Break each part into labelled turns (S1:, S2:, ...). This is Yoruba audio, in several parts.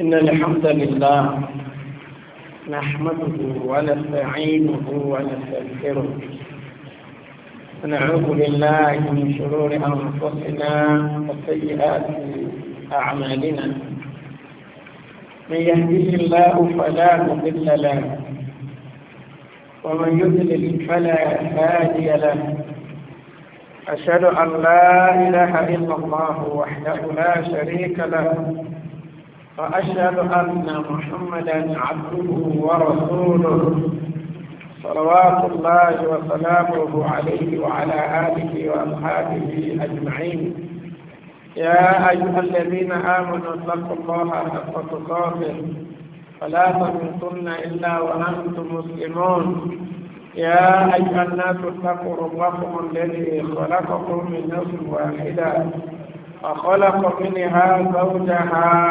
S1: إن الحمد لله نحمده ونستعينه ونستغفره ونعوذ بالله من شرور أنفسنا وسيئات أعمالنا من يهديه الله فلا مضل له ومن يضلل فلا هادي له أشهد أن لا إله إلا الله وحده لا شريك له وأشهد أن محمدا عبده ورسوله صلوات الله وسلامه عليه وعلى آله وأصحابه أجمعين يا أيها الذين آمنوا اتقوا الله حق تقاته فلا تموتن إلا وأنتم مسلمون يا أيها الناس اتقوا ربكم الذي خلقكم من نفس واحدة وخلق منها زوجها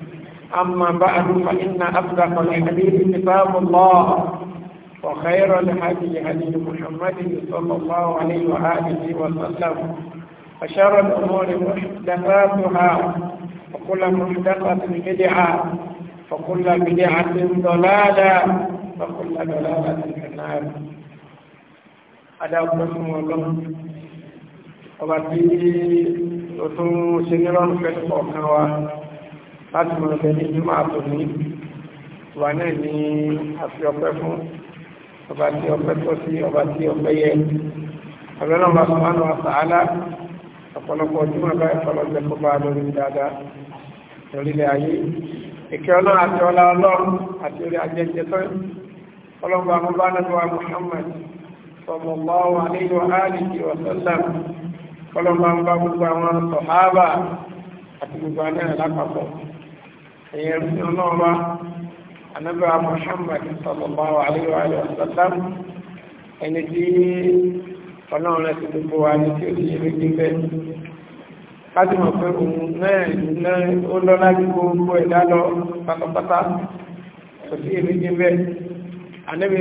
S1: أما بعد فإن أصدق الحديث كتاب الله وخير الهدي هدي محمد صلى الله عليه وآله وسلم وشر الأمور محدثاتها وكل محدثة بدعة وكل بدعة ضلالة وكل ضلالة في النار أدعوكم الله وبعد ذلك وتم سنرا في القرآن láti mọ̀ ọ̀fẹ́ ní jùmọ̀ àtòní wà náà ní àfi ọpẹ́ fún ọba tí ọpẹ́ tọ́ sí ọba tí ọpẹ́ yẹ abẹ́rẹ́ ọba sọ̀rọ̀ àtàlá ọ̀pọ̀lọpọ̀ jùmọ̀ báyìí ọ̀pọ̀lọpọ̀ kó bá lórí dáadáa lórílẹ̀ ayé ìkẹ́ ọlọ́run àti ọlá ọlọ́run àti orí ajẹ́jẹ́ tán ọlọ́run àwọn bá nàbí wa Muhammad sallallahu alaihi wa alihi wa sallam ọlọ́run bá gbogbo àwọn sọ̀hábà àti gbogbo àná lápapọ̀ ẹ̀yẹ rí ọlọ́ọ̀bá anábà Muhammad sallallahu alaihi wa sallam ẹni tí ọlọ́run rẹ̀ ti gbogbo wa ní tí ó ti yẹ méjì bẹ́ẹ̀ láti mọ̀ pé òun náà iná ó lọ láti gbogbo ẹ̀dá lọ pátápátá kò sí èméjì bẹ́ẹ̀ anábì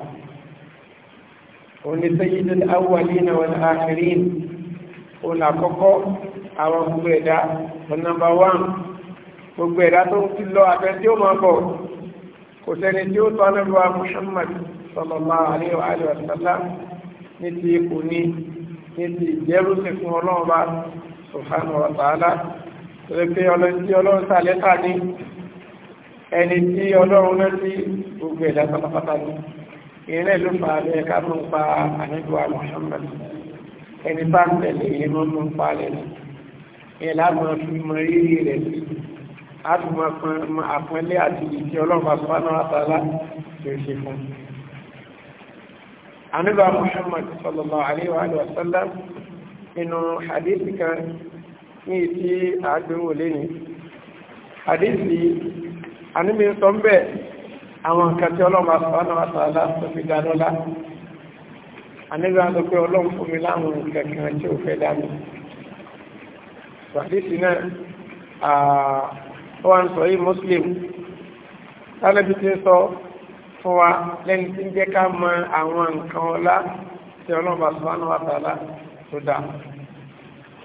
S1: sọ òní sẹ́yìndì awàlí na wọn àkìrín òní àkọ́kọ́ àwọn gbogbo ẹ̀dá wọn nàmbà wán gbogbo ẹ̀dá tó ti lọ abẹ́ tí ó máa bọ̀ kò sẹ́ni tí ó tọ́ anábíwá Muhammad sallallahu alaihi wa alihi wa sallam ní ti ipò ní ní ti ìjẹ́rùsìn fún ọlọ́run bá subhanahu wa ta'ala pé ọlọ́run ọlọ́run sàlẹ́ta ní ẹni tí ọlọ́run náà sí gbogbo ẹ̀dá pátápátá ní ìrẹ́ ló fà bẹ́ ká mú pa àníbíwá Muhammad ẹni bá ń tẹ̀lé ìyẹn mọ́ mú pa lẹ́nu ìyẹn láàmú fi mọ rírì rẹ̀ sí àtúmọ̀ àpọ́nlé àti ìdí ọlọ́pàá sọ́nà àtàlá tí ó ṣe fún àníbíwá Muhammad sallallahu alaihi wa sallam nínú hadith kan ní ìtí àgbéwò lẹ́nu hadith yìí àníbi sọ ń bẹ́ẹ̀ àwọn nǹkan tí ọlọ́mà sọ́nà àtàlá tó fi dánọ́lá anígbàtọ̀ pé ọlọ́run fún mi láwọn nǹkan tí muslim tálẹ́bí ti ń sọ fún wa lẹ́ni tí ń jẹ́ ká mọ àwọn nǹkan ọlá tí ọlọ́mà sọ́nà tó dá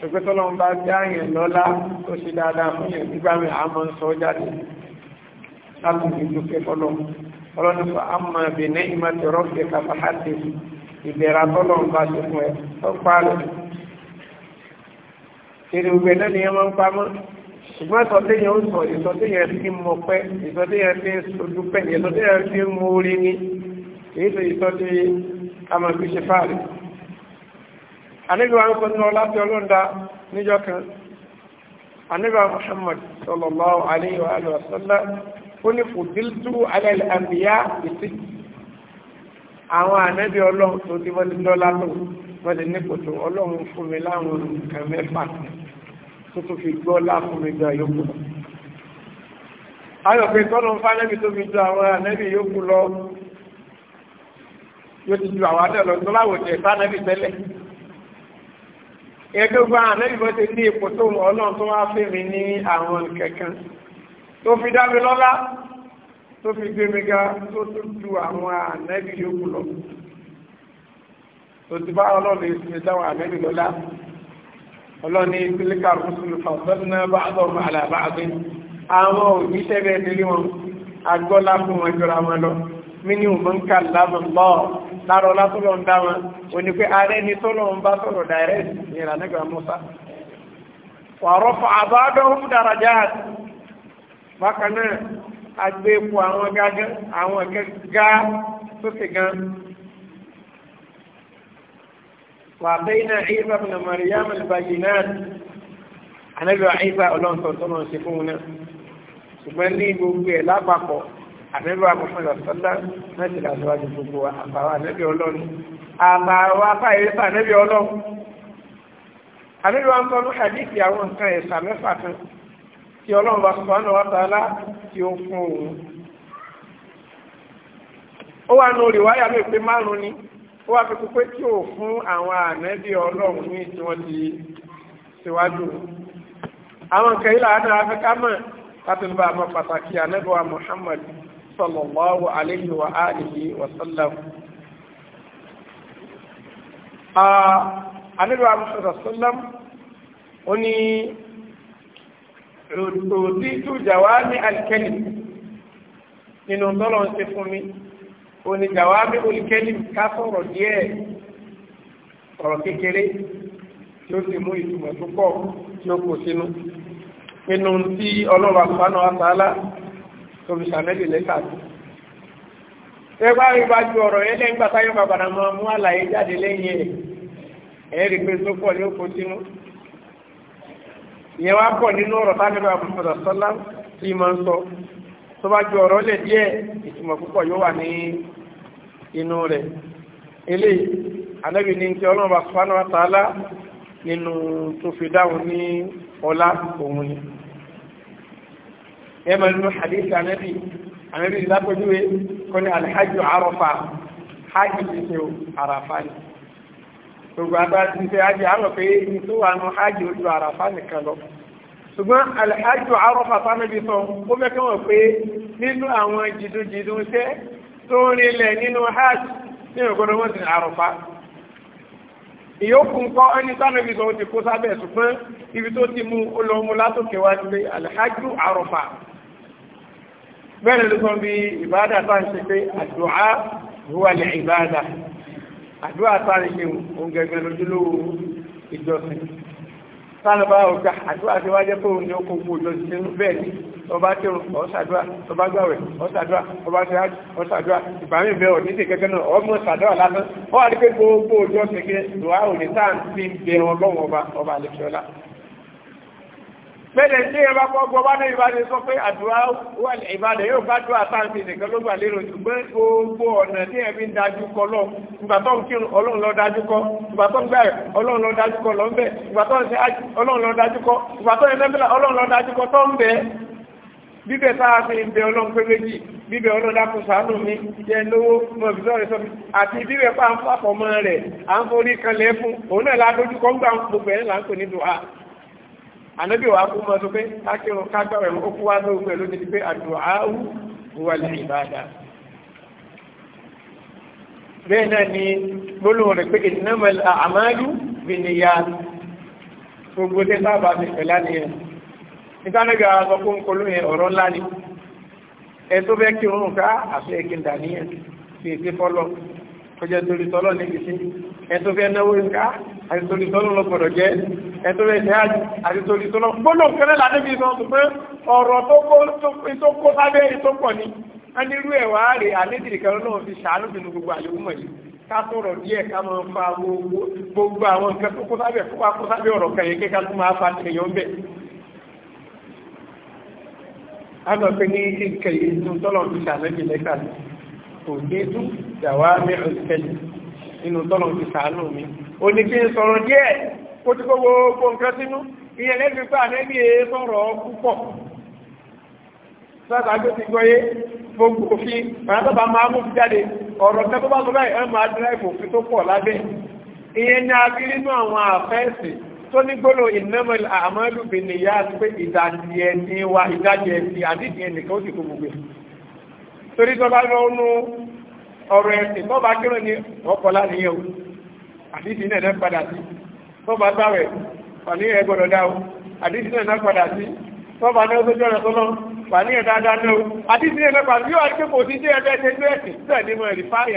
S1: ṣùgbọ́n bá dáyẹ̀ lọ́lá tó ṣe dáadáa fún yẹn nígbà mi àmọ́ sọ jáde láti fi dúpẹ́ fọlọ́ ọlọ́ni fún àmà bìnẹ́ ìmọ̀tẹ̀rọ̀ fi kàfà hàtì ìbẹ̀rẹ̀ àtọ́lọ́ ń bá ti fún ẹ tó parọ́ èrè ògbẹ́ náà ni ẹ máa ń pamọ́ ṣùgbọ́n ìsọtéyàn ó sọ ìsọtéyàn fi mọ pẹ́ ìsọtéyàn fi dúpẹ́ ìsọtéyàn fi mú orí ní èyí tó ìsọtí amàgbéṣe fáàrí àníbíwá ń kọ́ nínú láti ọlọ́nda Muhammad sallallahu alaihi wa ó ní fòdíltú alẹ́ àmìyá ìsì àwọn ànábì ọlọ́run tó ti wọ́n ti dọ́lá tó wọ́n ti ní kòtò ọlọ́run fún mi láwọn nǹkan mẹ́fà tó tó fi gbọ́ lá fún mi gan yòókù lọ. ayọ̀ pé tọ́nà ń fánẹ́bí tó fi ju àwọn ànábì yòókù lọ yóò ti ju àwọn ànábì lọ tó láwọ̀ tẹ̀ fánẹ́bí tẹ́lẹ̀. ẹgbẹ́ gba ànábì bọ́ ti ní ipò tó ọlọ́run tó wá fún mi ní àwọn kẹ̀kẹ́ tó fi dá mi lọ́lá tó fi gbé mi ga tó tún ju àwọn ànẹ́bí yòókù lọ tó ti bá ọlọ́run ìsinmi dáwọn ànẹ́bí lọ́lá ọlọ́ni tílíkà rúsùlù fàṣẹ́nà bá àdọ́mù àlàbáàbí àwọn òjíṣẹ́ bẹ́ẹ̀ nílé wọn agbọ́lá fún wọn jọra wọn lọ mínú mọ́ǹkà lábọ̀lọ́ lára ọlá tó lọ ń dá wọn ò ní pé ààrẹ ni tó lọ ń bá sọ̀rọ̀ dàrẹ́ẹ̀tì ìrànlẹ́gbẹ̀ẹ́ mọ́sá bákan náà agbé epo àwọn gágán àwọn gá sókè gan wà bẹ́ẹ̀ náà ìbá bìnà Maryam al-bayyinat náà anábìá ìbá ọlọ́ntọ̀tọ̀ náà ṣe fún un náà ṣùgbọ́n ní gbogbo ẹ̀ lápapọ̀ àmẹ́bà mọ̀fẹ́lá sọ́lá láti làṣọwájú gbogbo àbáwá ànẹ́bí ọlọ́run àbáwá fáyé fà ànẹ́bí ọlọ́run ànẹ́bí wọn kí ọlọ́run bá sọ́nà wátàlá kí ó fún òun ó wà ní olùwáyà ló pé márùn ni ó wà fi pé tí ò fún àwọn ànẹ́bí ọlọ́run ní tí wọ́n ti síwájú àwọn nǹkan ilẹ̀ àti afẹ́ká mọ̀ láti bá àmọ́ pàtàkì ànẹ́bí Muhammad sallallahu alayhi wa alihi wa sallam ah, Muhammad sallam òtí tú jàwáàmì alikẹ́lì nínú tọ́lọ̀ ń ṣe fún mi òní jàwáàmì olùkẹ́lì ká sọ̀rọ̀ díẹ̀ ọ̀rọ̀ kékeré tí ó sì mú ìtumọ̀ tó pọ̀ tí ó kò sínú nínú tí ọlọ́run àfààní àtàlà tó fi ṣàmẹ́lì lẹ́tà tó. ẹgbẹ́ àríwájú ọ̀rọ̀ yẹn lẹ́yìn gbàtà yóò bàbàrà máa mú àlàyé jáde lẹ́yìn ẹ̀ ẹ̀rí pé tó pọ̀ ní kò sínú ìyẹn wá pọ̀ nínú ọ̀rọ̀ tánàbà àbúrúmọ̀dà sọ́lá tí ma ń sọ tó bá ju ọ̀rọ̀ lẹ̀ díẹ̀ ìtumọ̀ púpọ̀ yóò wà ní inú rẹ̀ ilé anábì ní ti ọlọ́run bá fánà tààlà nínú tó fi dáhùn ní ọlá òun ni ẹ máa nínú hadith anábì anábì lápẹjúwe kọ́ni alhaji arafa hajj ti ṣe arafa ni gbogbo abájú ṣe ájì àrọ̀ pé ní tó wà nù ájì ojú àràfá nìkan lọ ṣùgbọ́n alhaji àrọ́fà fámẹ́bí sọ ó mẹ́kẹ́ wọ̀n pé nínú àwọn jìdújìdú iṣẹ́ tó rinlẹ̀ nínú hajj ní ọgbọ́dọ̀ wọ́n ti àrọ̀fà ìyókù ńkọ́ ẹni sánàbí sọ ti kó sábẹ̀ ṣùgbọ́n ibi tó ti mú olóòmù látòkè wá nílé alhaji àrọ̀fà bẹ́ẹ̀ ló sọ bí ìbádà tá ń ṣe pé àdùá huwa lè ìbádà àdúrà sáré ṣe òun gẹ̀gẹ̀ lójúlówó ìjọsìn sálọ́bà ọ̀gá àdúrà tí wá jẹ́ pé òun ni ó kó gbogbo bẹ́ẹ̀ ni ọba tí ọ̀sàdúrà ọba gbàwẹ̀ ọ̀sàdúrà ọba tí ọ̀sàdúrà ìbámi bẹ́ẹ̀ ọ̀ nídìí kẹ́kẹ́ náà ọmọ ọ̀sàdúrà lásán wà ní pé gbogbo ìjọsìn kí òní sáà ń fi ọlọ́run ọba ọba bẹ́ẹ̀ ní ẹ bá kọ́ gbọ́ bá náà ìbáde sọ pé àdúrà wà ní ìbáde yóò bá dúrà sáǹtì nìkan ló gbà lérò ṣùgbọ́n gbogbo ọ̀nà tí ẹ fi ń dájú kọ lọ ìgbà tó ń kí ọlọ́run lọ dájú kọ ìgbà tó ń gbà ọlọ́run lọ dájú kọ lọ ń bẹ̀ ìgbà tó ń ṣe ọlọ́run lọ dájú kọ ìgbà tó ń lẹ́mílà ọlọ́run lọ dájú kọ tó ń bẹ̀ bíbẹ̀ sáà fi ń bẹ ọlọ́run pé méjì bíbẹ̀ ọlọ́dá kò sàánù mi jẹ lówó mọ̀ bí sọ́rọ̀ sọ́bí àti bíbẹ̀ pa ń fàfọ́ mọ́ rẹ̀ à ń forí kanlẹ̀ fún òun náà ládójúkọ́ ń gbà gbogbo ẹ̀ là ń pè ní dùn ànábì wa kú mọ́ sọ pé kákírun kágbàwẹ̀ ó kú wá lóògùn ẹ̀ lónìí pé àdùáwù huwa al-ibada bẹ́ẹ̀ náà ni gbólóhùn rẹ̀ pé innamal a'malu binniyat gbogbo tẹ́ sábà fi pẹ̀lá ni ẹ̀ ìtànàgà sọ fún kolú yẹn ọ̀rọ̀ ńlá ni ẹ tó fẹ́ kírun ká àfẹ́ kí n dà níyẹn fi èsì fọ́lọ́ tọ́jẹ́ torí tọ́lọ́ ní kìí ẹ̀tọ́ fẹ́ náwó ìká àti torí tọ́lọ́ lọ́gbọ̀dọ̀ jẹ́ ẹ̀tọ́ fẹ́ ṣe ájì àti torí tọ́lọ́ gbọ́nà kẹrẹ́ làdébí sọ tó pé ọ̀rọ̀ tó kó sábẹ́ tó pọ̀ ní anirú ẹ̀ wá rè àlédìrí kan náà fi ṣàánú sínú gbogbo àyẹ̀wò mọ̀ yìí ká sọ̀rọ̀ díẹ̀ ká máa fa gbogbo àwọn nǹkan tó kó sábẹ́ kó wá kó sábẹ́ ọ̀rọ̀ kan yìí kéka tó máa fa èèyàn bẹ̀. a lọ pé ní kékeré tó tọ́lọ̀ fi ṣàlẹ́ kò dé tú ìyàwó mẹ́rin ìfẹ́lẹ̀ nínú tọ́lọ̀ ti sàánù mi o ní kí n sọ̀rọ̀ díẹ̀ kó tí kó gbogbo nǹkan sínú ìyẹn lẹ́nu pé ànẹ́bí èé e sọ̀rọ̀ púpọ̀ sáàtà tó ti gbọ́yé gbogbo òfin pàtàkì máa mú jáde ọ̀rọ̀ tẹ́ tó bá lọ báyìí ẹ̀ máa dírẹ́fù òfin tó pọ̀ lábẹ́ ìyẹn ni a fi nínú àwọn àfẹ́ẹ̀sì tó ní gbólò ìnámọ̀ àmọ́lùbìnrin yá àti pé ìdájì ẹni wa ìdájì ẹni àdídì ẹnìkan ó sì kó gbogbo torí tó bá lọ nú ọ̀rọ̀ ẹ̀sìn tó bá kírun ní ọ̀pọ̀lá nìyẹn o àdìsí náà náà padà sí tó bá gbàwẹ̀ pàní ẹ̀ gbọ́dọ̀ dá o àdìsí náà náà padà sí tó bá náà sójú ọ̀rọ̀ tó lọ pàní ẹ̀ dáadáa náà o àdìsí náà náà padà yóò wá pé kò sí dé ẹgbẹ́ ẹgbẹ́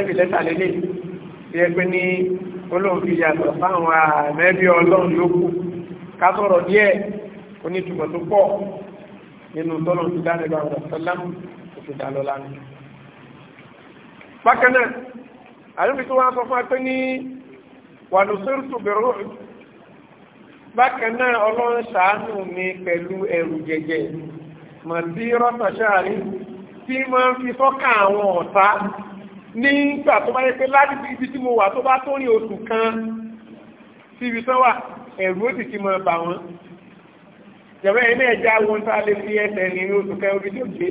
S1: ẹgbẹ́ tí ẹgbẹ́ ní olóhùn fi yàtọ̀ fáwọn àmẹ́bí ọlọ́run yòókù ká sọ̀rọ̀ díẹ̀ onítùmọ̀ tó pọ̀ nínú tọ́lọ́run ti dáre bá ọ̀rọ̀ sọ́lámù kò sì dá lọ lánàá. bákan náà àlùfí tó wá sọ fún ẹgbẹ́ ní wàlúùsírù tó bẹ̀rù bákan náà ọlọ́run ṣàánú mi pẹ̀lú ẹrù jẹjẹ mọ̀ sí rọ́tà ṣáàrí tí máa ń fi sọ́kà àwọn ọ̀tá nígbà tó bá yẹ pé láti ibi tí mo wà tó bá tó rìn oṣù kan sí ibi tán wà ẹ̀rù ó sì ti mọ bà wọ́n jọ̀wọ́ ẹ̀yin náà já wọn tá lè fi ẹsẹ̀ ní oṣù kan orí tó gbé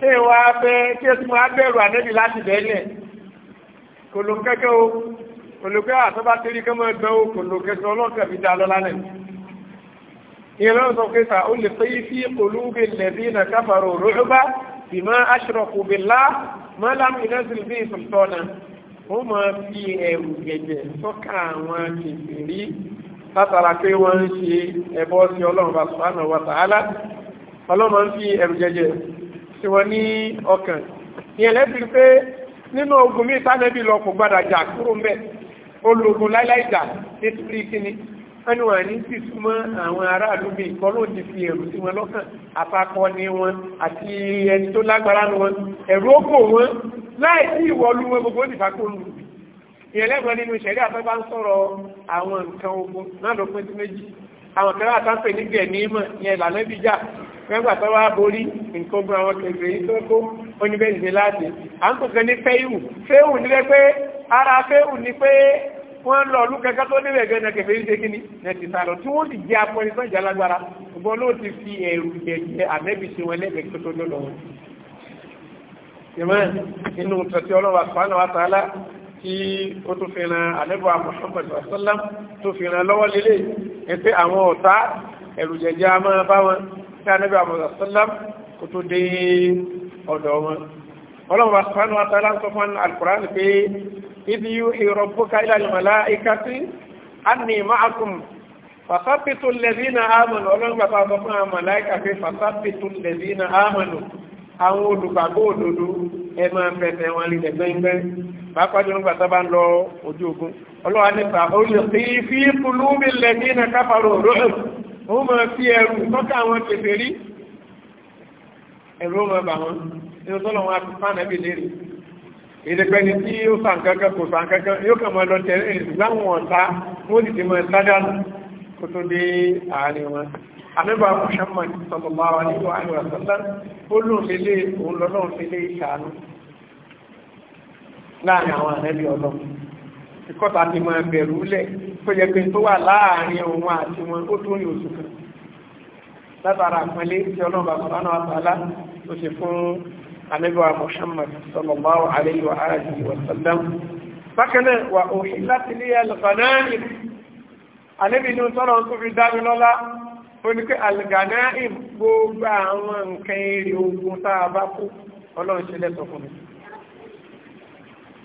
S1: ṣé wà fẹ́ kí ẹ tún bẹ̀rù ànẹ́bí láti bẹ́ẹ̀lẹ̀ kò ló kẹ́kẹ́ o kò ló kẹ́ àtọ́ bá tẹ́lí kẹ́mọ́ ẹgbẹ́ o kò ló kẹ́kẹ́ ọlọ́kẹ́ fi dá lọ́lá náà ìyẹn lọ́wọ́ sọ pé sà ó lè fẹ́ yí sí olúbi lẹ́bí nà káfàrọ̀ rọ́ọ̀bá bìmọ́ aṣọ́rọ̀kù bìlá mọ́lámù ìdẹ́sìn bí ìsọ̀tọ́nà ó máa fi ẹ̀rù gẹ̀gẹ̀ sọ́kà àwọn kìfìrí látara pé wọ́n ń ṣe ẹbọ sí ọlọ́run bá sùpánà wà tààlà ọlọ́run máa ń fi ẹ̀rù gẹ̀gẹ̀ sí wọn ní ọkàn ìyẹn lẹ́sìn pé ẹnu wà ní sí súnmọ́ àwọn aráàlú bíi kọ́ló ti fi ẹ̀rù sí wọn lọ́kàn àpapọ̀ni wọn àti ẹni tó lágbára nu wọn ẹ̀rù ó kò wọn láì sí ìwọlú wọn gbogbo ó sì fà kó lù ìyẹlẹ́gbọ̀n nínú ìṣẹ̀rí àfẹ́fà ń sọ̀rọ̀ àwọn nǹkan ogun náà ló pín sí méjì àwọn kẹrẹ àtàpẹ nígbẹ nímọ yẹn ìlànà ìbíjà nígbà tó wá borí nǹkan ogun àwọn kẹgbẹ yìí tó kó oníbẹ̀rẹ̀ láti à ń kọ̀ọ̀kan ní fẹ́yù fẹ́yù ní pé ara fẹ́yù ní pé wọ́n lọ ọdún kankan tó níbẹ̀ gẹ́gẹ́ kẹfẹ́ yìí ṣe kíni nẹ́ẹ̀tì sá lọ tí wọ́n sì jẹ́ apọ́ni tó ń jà lágbára ṣùgbọ́n ló ti fi ẹ̀rù jẹjẹ ànẹ́bí ṣe wọn lẹ́gbẹ̀ẹ́ tó tó lọ́lọ́ wọn. ìmọ̀ inú tọ̀tí ọlọ́wà sùpánà wa tààlà tí ó tún fi ran ànẹ́bọ̀ Muhammad sallam tó fi ran lọ́wọ́ lélẹ̀ ẹ pé إذ يوحي ربك إلى الملائكة أني معكم فثبتوا الذين آمنوا ọlọ́run bàbá sọ fún àwọn màláìka pé fàtàbìtú lẹ́dínà àmàlù àwọn olùgbàgbọ́ òdodo ẹ máa fẹsẹ̀ wọn lè gbẹ́ngbẹ́ pàápàá jùlọ gbàtà bá ń lọ ojú ogun ọlọ́wà nípa olùsí fi kùlùmí lẹ́dínà káfàrọ̀ òróòrùn ó máa fi ẹrù tọ́ka àwọn kèfèrí ẹ̀rù ó máa bà wọn nínú tọ́lọ̀ wọn àti fáànà ẹ̀bì lérí ìdẹ̀pẹ́ni tí ó sàn kankan kò sàn kankan yóò kàn máa lọ tẹ̀lé ìsìláwọn ọ̀tá wọ́n sì ti mọ̀ sádàlù kó tó dé àárín wọn àmẹ́bà Muhammad sallallahu alaihi wa sallam ó lóun fi lé òun lọ́lọ́run fi lé ìṣàánú láàrin àwọn àrẹ́bí ọlọ́run ìkọ́ta ti mọ ẹgbẹ̀rún ànábíwá Muhammad sallallahu alayhi wa alihi wa sallam bákan náà wà òhìn láti ní alganaim ànábì ní tọ́lọ̀ tó fi dá mi lọ́lá ó ní pé alganaim gbogbo àwọn nǹkan èrè ogun tá a bá kú ọlọ́run ṣe lẹ́tọ̀ fún mi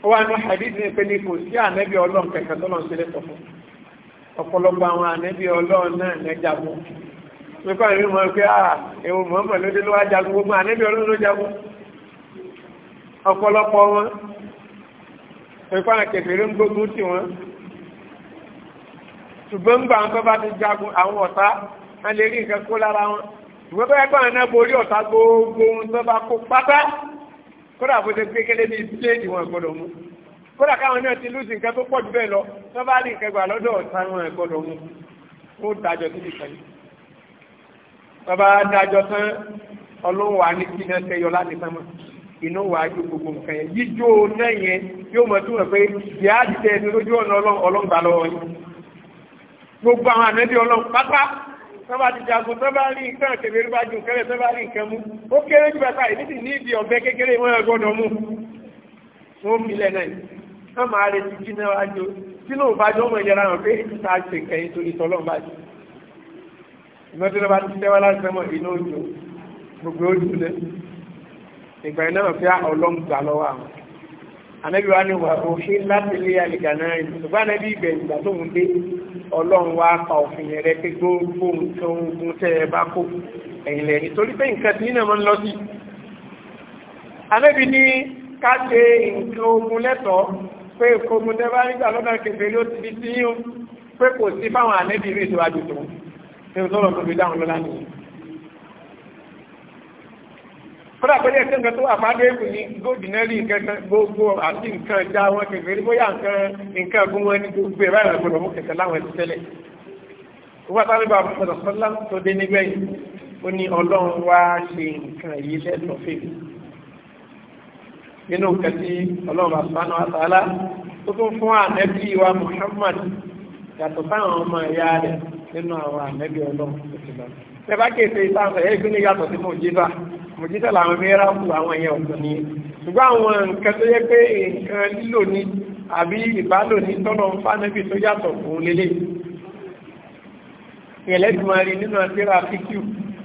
S1: ó wà ní hadith ní pé ní kò sí ànábì ah, ló wá jagun gbogbo ànábì ọlọ́run ló jagun ọ̀pọ̀lọpọ̀ wọn ẹ̀kọ́ àkẹfẹ̀rẹ̀ ń gbógun tì wọ́n ṣùgbọ́n ń gbà wọn bá bá ti jagun àwọn ọ̀tá wọn lè rí nǹkan kó lára wọn ṣùgbọ́n bẹ́ẹ̀ bá wọn náà borí ọ̀tá gbogbo ohun tó bá kó pátá kódà bó ṣe gbé kélé bíi bíléèdì wọn gbọdọ̀ mú kódà káwọn náà ti lùsì nǹkan tó pọ̀ jù bẹ́ẹ̀ lọ tó bá rí nǹkan gbà lọ́dọ̀ ọ̀tá wọn gbọdọ̀ mú kó dájọ́ síbi kan yìí bàbá dájọ́ tán ọlọ́wọ́ á ní kí náà ṣe yọ láti sánmọ́ iná wàá ju gbogbo nǹkan yẹn yíjó náà yẹn yóò mọ̀ tó wọ̀ pé jihad tẹ ẹni lójú ọ̀nà ọlọ́ngbà lọ́wọ́ yìí gbogbo àwọn ànábì ọlọ́run pápá sábà ti jagun sábà rí nǹkan kẹfẹ́rí bá ju kẹlẹ̀ sábà rí nǹkan mú ó kéré jù bàtà ìdí sì ní ibi ọ̀bẹ kékeré wọn ẹ̀ gbọ́dọ̀ mú wọn fi lẹ̀ náà wọn máa retí kí náà wá jó tí náà bá jó ọmọ ìyára hàn pé èyí ta ṣe nǹkan yìí torí tọ́lọ́ bá jù ìmọ̀tí lọ́ba ti tẹ́wọ́ ìgbà yẹn lọ́nà pé ọlọ́run gbà lọ́wọ́ àwọn anabi wa ni wà òfin láti lé àlìkànnà yìí ṣùgbọ́n anabi ibẹ̀ ìgbà tó ń dé ọlọ́run wa pa òfin yẹn rẹ pé gbogbo nǹkan ogun tẹ́ ẹ bá kó ẹ̀yìn lẹ́yìn torí pé nǹkan tí nínú ọmọ ń lọ sí. anabi ní ká ṣe nǹkan ogun lẹ́tọ̀ọ́ pé nǹkan ogun tẹ́ bá nígbà lọ́dọ̀ kẹfẹ́ ló ti di sí yín pé kò sí fáwọn anabi rí ìṣèwádìí tó ń tó lọ́ọ́ tó fi kódà pé lẹ́sẹ̀ nǹkan tó àfáàdé èkó ní góòdìnẹ́rì nǹkan gbogbo àti nǹkan já wọn kẹfẹ́rí bóyá nǹkan nǹkan gún wọn ní gbogbo ẹ̀rọ ìrìn àgbọ̀dọ̀ mú kẹsẹ̀ láwọn ẹ̀sìn tẹ́lẹ̀ wọ́n sáré bá ọ̀pọ̀lọpọ̀ sọ́lá tó dé nígbẹ̀yìn ó ní ọlọ́run wá ṣe Muhammad yàtọ̀ sáwọn ọmọ ẹ̀yà rẹ̀ nínú àwọn ànẹ́bí ọlọ́run tó ti lọ. ẹ mòjísà làwọn mẹ́ràkù àwọn èèyàn ọ̀tún ni ṣùgbọ́n àwọn nǹkan tó yẹ pé nǹkan lílò ní àbí ìbálò ní tọ́nà fánẹ́bì tó yàtọ̀ fún lélẹ̀ ìrẹ̀lẹ́dì máa rí nínú àtẹ́rà fíkíù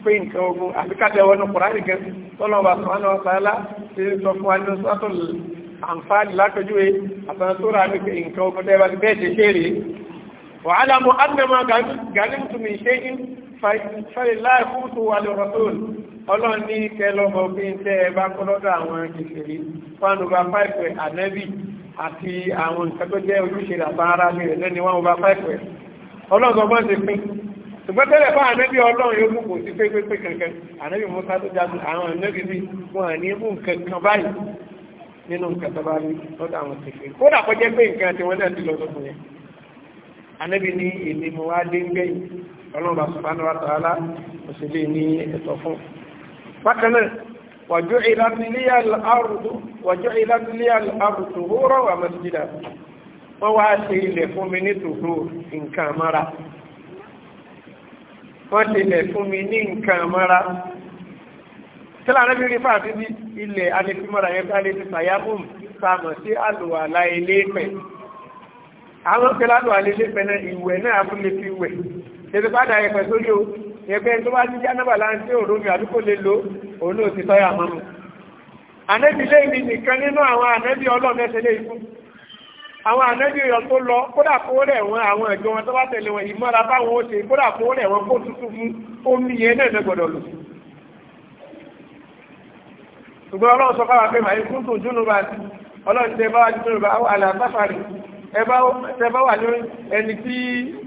S1: pé nǹkan ogun àbí kájẹwọ́ ní kùránì gan tọ́nà wà sọ́nà wà sàálà tí ó sọ fún wa nínú sọ́tò àǹfààní látọjúwe àtàwọn tó rà ní nǹkan ogun tẹ́ bá ti bẹ́ẹ̀ ṣe ṣe rèé wàhálà mu adnama gàdúntùmí ṣe ń fẹ́lẹ̀ láì fún tó wà lọ́rọ̀ tó ọlọ́run ní kẹlọ́mọ bí n tẹ́ ẹ bá kọ́ lọ́dọ̀ àwọn ìṣèlú one over five ànẹ́bì àti àwọn nǹkan tó jẹ́ ojúṣe àbá ara mi rẹ̀ lẹ́ni one over five ọlọ́run ọgbọ́n ti pín ṣùgbọ́n tẹ́lẹ̀ fún ànẹ́bì ọlọ́run yóò mú kò sí pé pé kankan ànẹ́bì musa tó jagun àwọn ànẹ́bì bí wọn ní mú nǹkan kan báyìí nínú nǹkan tó bá rí lọ́dọ̀ àwọn ìṣèlú kódà kọjá pé nǹkan tí wọ́n dẹ̀ ọlọ́run subhanahu wa ta'ala òṣèlè ní ẹ̀tọ́ fún bákan náà wàjú ìlàtílíyà àrùtù hóòrọ̀ wà masjida wọ́n wá ṣe ilẹ̀ fún mi ní tòhó nǹkan mara wọ́n ṣe ilẹ̀ fún mi ní nǹkan mara tílà náà bí rí fàáfi bí ilẹ̀ alẹ́fimọ́ra yẹn bá lè ti sàyábùm sàmọ̀ sí àwọn pẹ̀lú àlùwàlá ilé pẹ̀ náà ìwẹ̀ náà fi wẹ̀ tẹ̀sí padà yẹpẹ̀ sórí o yẹpẹ̀ tó bá ti jánábà láńtí òru mi àdúgbò lè lo òun náà ti tọ́yà mọ́nu. ànẹ́bí lé mi nìkan nínú àwọn ànẹ́bí ọlọ́mẹsẹ̀ lé ikú àwọn ànẹ́bí ọ̀yọ́ tó lọ kódà kó rẹ̀ wọn àwọn ẹ̀jọ́ wọn tó bá tẹ̀lé wọn ìmọ̀ra báwọn ó ṣe kódà kó rẹ̀ wọn kó tútù mú omi yẹn náà gbọ́dọ̀ lò. ṣùgbọ́n ọlọ́run sọ fáwọn afẹ́mà ikú tó dúnú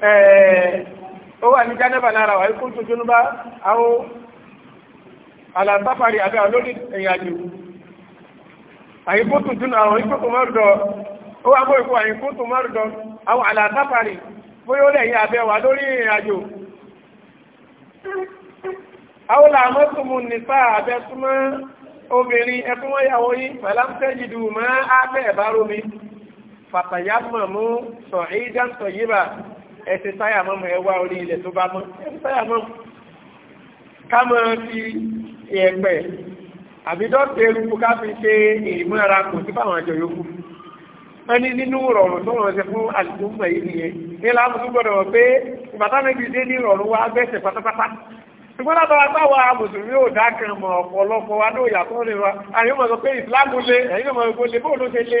S1: Eh, ó wà ní jánẹ́bà lára wà ikú tó jónú bá alàbáfàrí àbẹ́ olórí ìrìnàjò àyíkú tó jónú àwọn ikú tó mọ́rùdọ̀ ó wà fún ikú àyíkú tó mọ́rùdọ̀ àwọn alàbáfàrí fóyó lẹ́yìn àbẹ́ wà lórí ìrìnàjò àwọn ẹ̀sìn táyà mọ́mọ́ ẹ wá orí ilẹ̀ tó bá mọ́ ẹ̀sìn táyà mọ́mọ́ ká mọ́ fi ẹ̀pẹ̀ àbí dọ́tẹ̀ eruku ká fi ṣe ìmúra kò sí fáwọn àjọ yòókù wọ́n ní nínú rọrùn tó rọrùn ṣe fún àlùkùnmọ̀ yìí nìyẹn ní láàmùsù gbọ́dọ̀ wọ̀ pé ìbátá méjì dé ní rọrùn wa bẹ́sẹ̀ pátápátá ṣùgbọ́n látara táwa mùsùlùmí ò dá kan mọ̀ ọ̀pọ̀lọpọ̀ wa ló yàtọ̀ lè wa àyè mọ̀ sọ pé ìsìlámù lé ẹ̀yin mọ̀ ìgbó lè bóòlù ṣe lé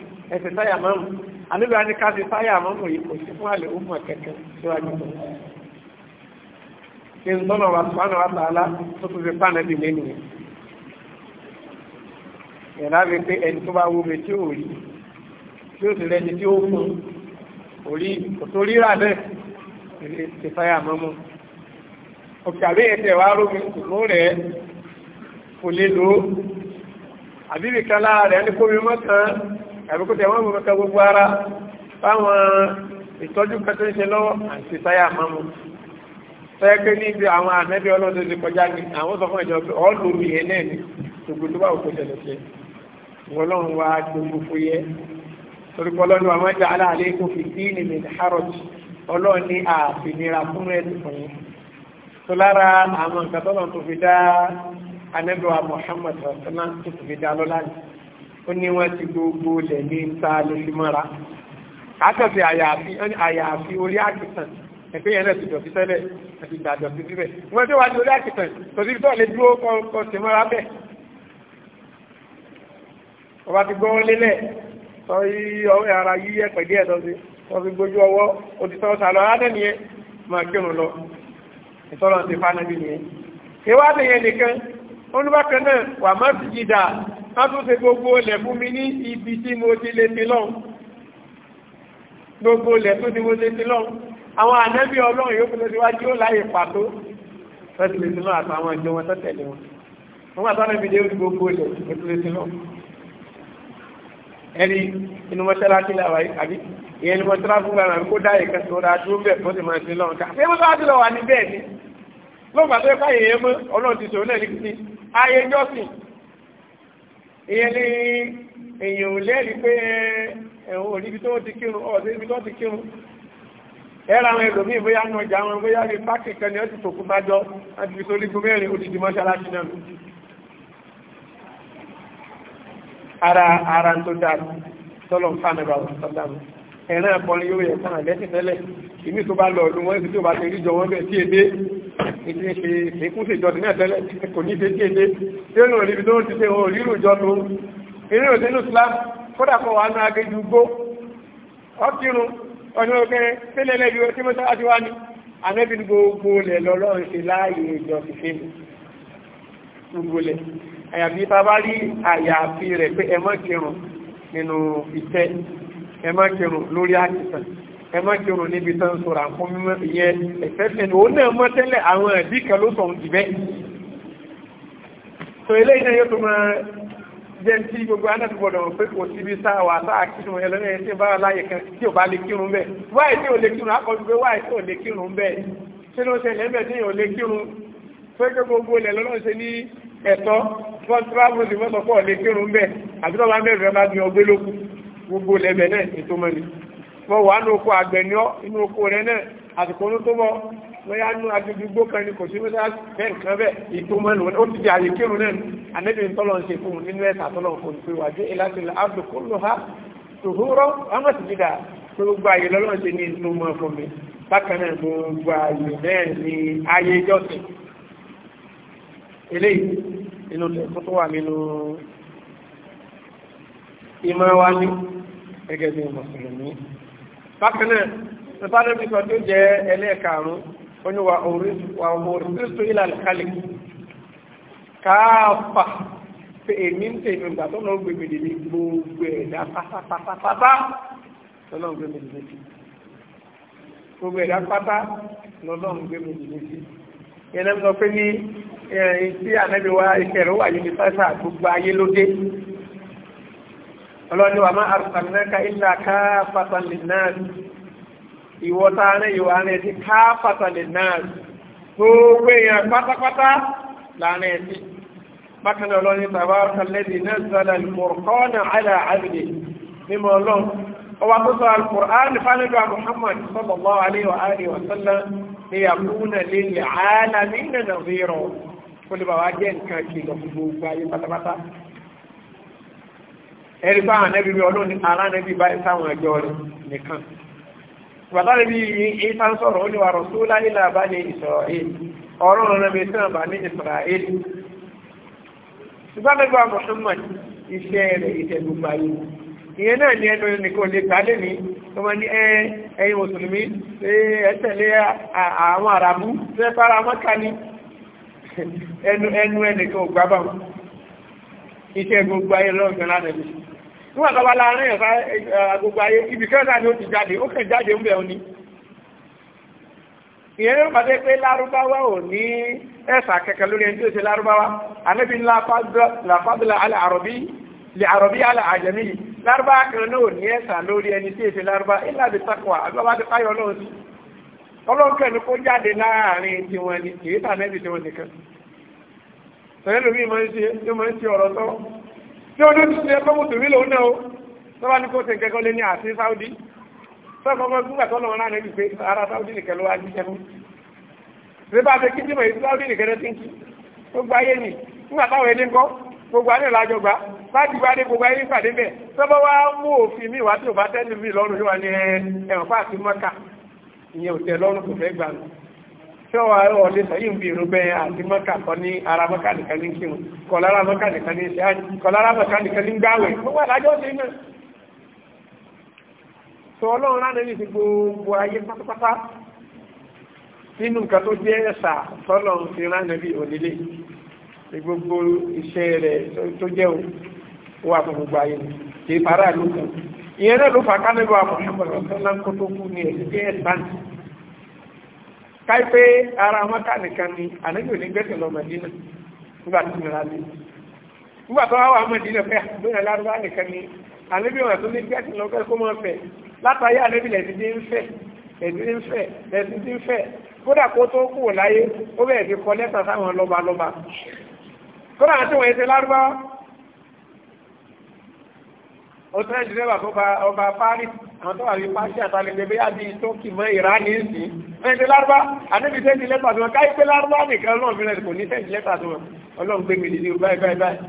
S1: ẹ̀sẹ̀ táyà mọ́mù àníbi wa ní ká ṣe táyà mọ́mù yìí kò sí fún àlè ọmọ kẹ̀kẹ́ síwájú tó ṣe ń tọ́nà wa sùpánà wa tààlà tó tún fi pàànà bì lẹ́nu yẹn yẹn láti pé ẹni tó bá wo mi tí ò rí tí ó sì lẹ́ni tí ó fún orí kò tó bẹ́ẹ̀ ṣe táyà mọ́mù òkè àbí ẹ̀sẹ̀ wa rómi kò rẹ̀ kò lè lò ó àbí nìkan lára rẹ̀ ní kó mi mọ́ kan àbíkú tẹ̀ wọ́n mú mẹ́ta gbogbo ara fáwọn ìtọ́jú kẹtọ́ ń ṣe lọ́wọ́ àti táyà mọ́mú fẹ́ẹ́kẹ́ níbi àwọn àmẹ́bí ọlọ́dún ti kọjá ní àwọn sọ fún ìjọba ọlọ́run yẹn náà ni gbogbo tó bá òkú ṣẹlẹ̀ ṣe ọlọ́run wa gbogbo fún yẹ torí pé ọlọ́run wa máa jẹ́ aláàlẹ́ kó fi sí ní mẹ́ta harrods ọlọ́run ní àfinira fún ẹ̀sìn tó lára àwọn nǹkan tọ́lọ̀ tó fi dá anẹ́bí wa Muhammad rasulillah tó fi dá lọ́lá ni ó ní wọ́n ti gbogbo lẹ̀ ní ta ló fi mọ́ra kàtọ̀sí àyàfi orí àkìtàn ẹ̀pẹ́ yẹn náà ti dọ̀tí àti ìgbà dọ̀tí síbẹ̀ wọ́n tó wá ní orí àkìtàn tó ti tọ́lẹ̀ dúró kọ́ sí mọ́ra bẹ́ẹ̀ ọba ti gbọ́n lélẹ̀ sọ ara yí ẹ̀pẹ̀ díẹ̀ tó wọ́n fi gbójú ọwọ́ òtítọ́ sàlọ́ adẹ́ni yẹn máa kírun lọ ìtọ́lọ́ ti fa nìyẹn ìwádìí yẹn nìkan olúbákan náà wà má fi jìdà má tún ṣe gbogbo olè fún mi ní ibi tí mo ti lè ti lọ́hùn gbogbo olè tó ti mo ti ti lọ́hùn àwọn ànábì ọlọ́run yóò fún síwájú ó láyè pàtó fẹ́ẹ́ ti lè ti lọ́hùn àtàwọn ìjọ wọn tó tẹ̀lé wọn wọn wà sọ́nà ìbílẹ̀ orí gbogbo olè tó ti lè ti lọ́hùn ẹni inú mọ́ṣáláṣí làwà àbí ayé jọ́sìn ìyẹn ni èyàn ò lẹ́rìí pé ẹ̀wọ̀n òníbi tó ti kírun ọ̀dẹ́ ibi tó ti kírun ẹ̀rọ àwọn ẹlòmíì bóyá ní ọjà wọn bóyá ní pákì kan ni ó ti tòkú bá jọ láti fi sórí gómìnrin odidi mọ́ṣáláṣí náà ara ara tó dáa tọ́lọ̀ ń fa nàbà wọn sọ́dá ẹ̀rọ ẹ̀kọrin yóò yẹ fún àlẹ́sìn tẹ́lẹ̀ ìmí tó bá lọ ọdún wọn tí ó bá ti rí jọ wọn bẹ tí èdè ìdí ṣe ìkún sí ìjọdún náà tẹ́lẹ̀ kò ní ṣe tí èdè tí ó lọ níbi tó ti ṣe òun rírù jọ tó eré òde ní Islam kódà kó wà náà agéjú gbó ọkìrun ọdún ọkẹrẹ tẹ́lẹ̀ lẹbi tí mo sáwá ti wá ní anẹbi ní gbogbo lẹ lọ́lọ́run ṣe láàyè ìjọ ṣiṣẹ mi gbogbo lẹ àyàfi tá a bá rí àyàfi rẹ pé ẹ má kírun nínú ìtẹ ẹ má kírun lórí àkìsàn ẹ má kírun níbi tán sọ̀rọ̀ àǹkọ́ mímọ́ ìyẹn ẹ̀fẹ́fẹ́ni òun náà mọ́ tẹ́lẹ̀ àwọn ẹ̀bí kan ló sọ̀rọ̀ jù bẹ́ẹ̀. sọ eléyìí náà yóò tó máa jẹ́ ti gbogbo anáàtú gbọ́dọ̀ pé kò síbi sáwà sáà kírun ẹlẹ́rìn tí bá láyè kan tí ò bá lè kírun bẹ́ẹ̀ wáyé tí ò lè kírun akọ́jú pé wáyé tí ò lè kírun bẹ́ẹ̀ tí ló ń ṣẹlẹ̀ ẹ̀mẹ́ tí ò lè kírun fẹ́kẹ́ gbogbo ilẹ̀ lọ́nà ṣe ní ẹ̀tọ́ fọ́tíráàbù ti mọ́tò pọ̀ lè kírun bẹ́ẹ̀ àbí tó bá mẹ́rin rẹ̀ bá gbin ọgbẹ́ lókun gbogbo ilẹ̀ náà ètò mọ́ni mọ wà ní oko àgbẹ̀ ní ọ́ inú oko rẹ náà àsìkò ní tó mọ́ lọ́yà ní agbègbè igbó kan ní kò sí wíṣẹ́ bẹ́ẹ̀ nǹkan bẹ́ẹ̀ ètò mẹ́nu ó ti di àyè kírun náà ànẹ́bí ń tọ́lọ̀ ń ṣe fún un nínú ẹ̀ka tọ́lọ̀ kò sí wájú ìlàsílẹ̀ àdùkú ló ha tòhúrọ́ amọ̀síjìdà tó gbogbo àyè lọ́lọ́ ṣe ní inú fún mi bákan ìmọ̀ wa ní gẹ́gẹ́ bí mùsùlùmí bákan náà nípa lóbi kan tó jẹ́ ẹlẹ́ẹ̀karùn-ún ó ní wa òun kristu ilà kálí káàfà pé èmi ń tèmi ìgbà tó lọ gbé mèdè ní gbogbo ẹ̀dá pátápátá tó lọ gbé mèdè ní gbogbo ẹ̀dá pátá lọ́lọ́ gbé mèdè ní yẹn lẹ́nu sọ pé ní ẹ̀yìn tí ànábi wa ìkẹrù wà yunifásà gbogbo ayé ọlọ́ni wà máa arsalnaka illa kaafatan linnas ìwọ táa ní ìwà ní ẹ̀sìn kaafatan linnas gbogbo èèyàn pátápátá láàrin ẹ̀sìn bákan náà ọlọ́ni tabaraka alladhi nazzala al-furqana ala abdihi mímọ́ ọlọ́run ọwọ́ akóso al-Qur'an fánilúwà Muhammad sallallahu alayhi wa alihi wa sallam ni yakuna lil ẹ̀rí bá ànẹ́bí mi ọlọ́ni alánẹ́bí bá sáwọn ẹjọ́ rẹ̀ nìkan. Bàtàrí bí ìta ń sọ̀rọ̀ oníwà rọ̀ tó láyé làbá ní Israel, ọ̀rọ̀ rẹ̀ mi sàn bá ní Israel. Ṣùgbọ́n nígbà Muhammad iṣẹ́ rẹ̀ iṣẹ́ gbogbo ayé. Ìyẹn náà ni ẹnu nìkan lè gbà lé ní tó máa ní ẹyin Mùsùlùmí ẹtẹ̀lé àwọn àràbù tó ẹ fara mọ́ta ní ẹnu ẹnìkan ò gbábà. Iṣẹ́ gbogbo ayé lọ́gbẹ̀rán nígbà tó bá láàárín ẹ̀fà gbogbo ayé ibi kẹ́ta ni ó ti jáde ó kàn jáde ń bẹ̀ òní ìyẹn ló pàdé pé lárúbáwá ò ní ẹ̀sà kẹ̀kẹ́ lórí ẹni tí ó ṣe lárúbáwá ànábi ńlá fábílà alẹ́ àrọ̀bí lè àrọ̀bí alẹ́ àjẹmí lárúbáwá kan náà ò ní ẹ̀sà lórí ẹni tí ó ṣe lárúbá ilá bí takwa àgbàbá ti fáyọ lọ́wọ́ sí ọlọ́run tí ó lójú ṣe ẹgbẹ́ mùsùlùmí lòun náà ó sọ́wọ́ ní kó ṣe lé ní àti Saudi sọ́kọ̀ ọmọ ẹgbẹ́ tó lọ́wọ́ náà níbi ara Saudi nìkan ló wá jíjẹ fún ṣé bá ṣe kí tí mo yí Saudi nìkan ń kí gbogbo ayé ni nígbà táwọn ẹni ń kọ́ gbogbo ayé làjọ gbà bá ti wáyé gbogbo ayé pàdé bẹ̀ sọ́bọ̀ wá mú òfin mi wá tí ò bá tẹ́lẹ̀ mi lọ́rùn yóò wá ní ẹ̀wọ̀n fáàtì mọ́kà ìyẹn ò tẹ́ lọ́rùn kò fẹ́ gbà lọ tí ó wà ọ̀lẹ́ sọ yìí ń bí irú bẹ́ẹ̀ àti mọ́kà kọ́ ní ara mọ́kà nìkan ní kírun kọ́ lára mọ́kà nìkan ní ṣe ájì kọ́ lára mọ́kà nìkan ní gbáwẹ̀ gbogbo àdájọ́ sí náà sọ ọlọ́run lánàá ní ti gbogbo ayé pátápátá nínú nǹkan tó jẹ́ ẹ̀sà tọ́lọ́run ti lánàá bí òlélẹ̀ ní gbogbo iṣẹ́ rẹ̀ tó jẹ́ wà fún gbogbo ayé kì í fara lókun ìyẹn náà ló fà kánẹ́bù àpò káyí pé ara mọ́ká nìkan ni ànájò ní gbẹ́sẹ̀ lọ mẹ́dínà nígbà tí nira lé nígbà tó wá wà mẹ́dínà pé àdúrà lárúbá nìkan ni ànábì wọn tó ní gbẹ́sẹ̀ lọ kẹ́kọ́ mọ́ fẹ́ látàrí ànábì lẹ́sìn tí ń fẹ́ lẹ́sìn tí ń fẹ́ lẹ́sìn tí ń fẹ́ kódà kó tó kú láyé ó bẹ̀rẹ̀ fi kọ́ lẹ́tà sáwọn lọ́balọ́ba kódà àti wọ́n ẹsẹ̀ ó tún ẹ̀jì rẹ́bà fún ọba paris àwọn tó wà ní pàṣẹ àtàlẹ́gbẹ́ bí àbí tókì mọ́ ìran ní ìsìn ẹni tó lárúbá àníbi tẹ́jì lẹ́tà tó wọn káyí pé lárúbá nìkan ọlọ́run fi rẹ̀ kò ní tẹ́jì lẹ́tà tó wọn ọlọ́run gbé mi ní yorùbá báyìí báyìí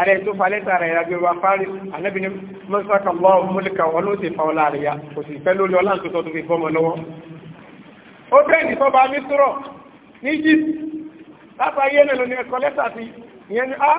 S1: ààrẹ tó fa lẹ́tà rẹ̀ ìrìnàjò ọba paris àníbi ní mọ́sákà lọ́wọ́ mọ́lẹ́kà wọn ló ti fa ọlá rẹ̀ ya kò sì fẹ́ lórí ọlá tó tọ́ tó fi bọ́mọ lọ́wọ́ ó tẹ́jì tó ba mísúrọ̀ ní egypt látàrí ẹ̀nà lónìí ẹ̀kọ́ lẹ́tà sí ìyẹn ni ah,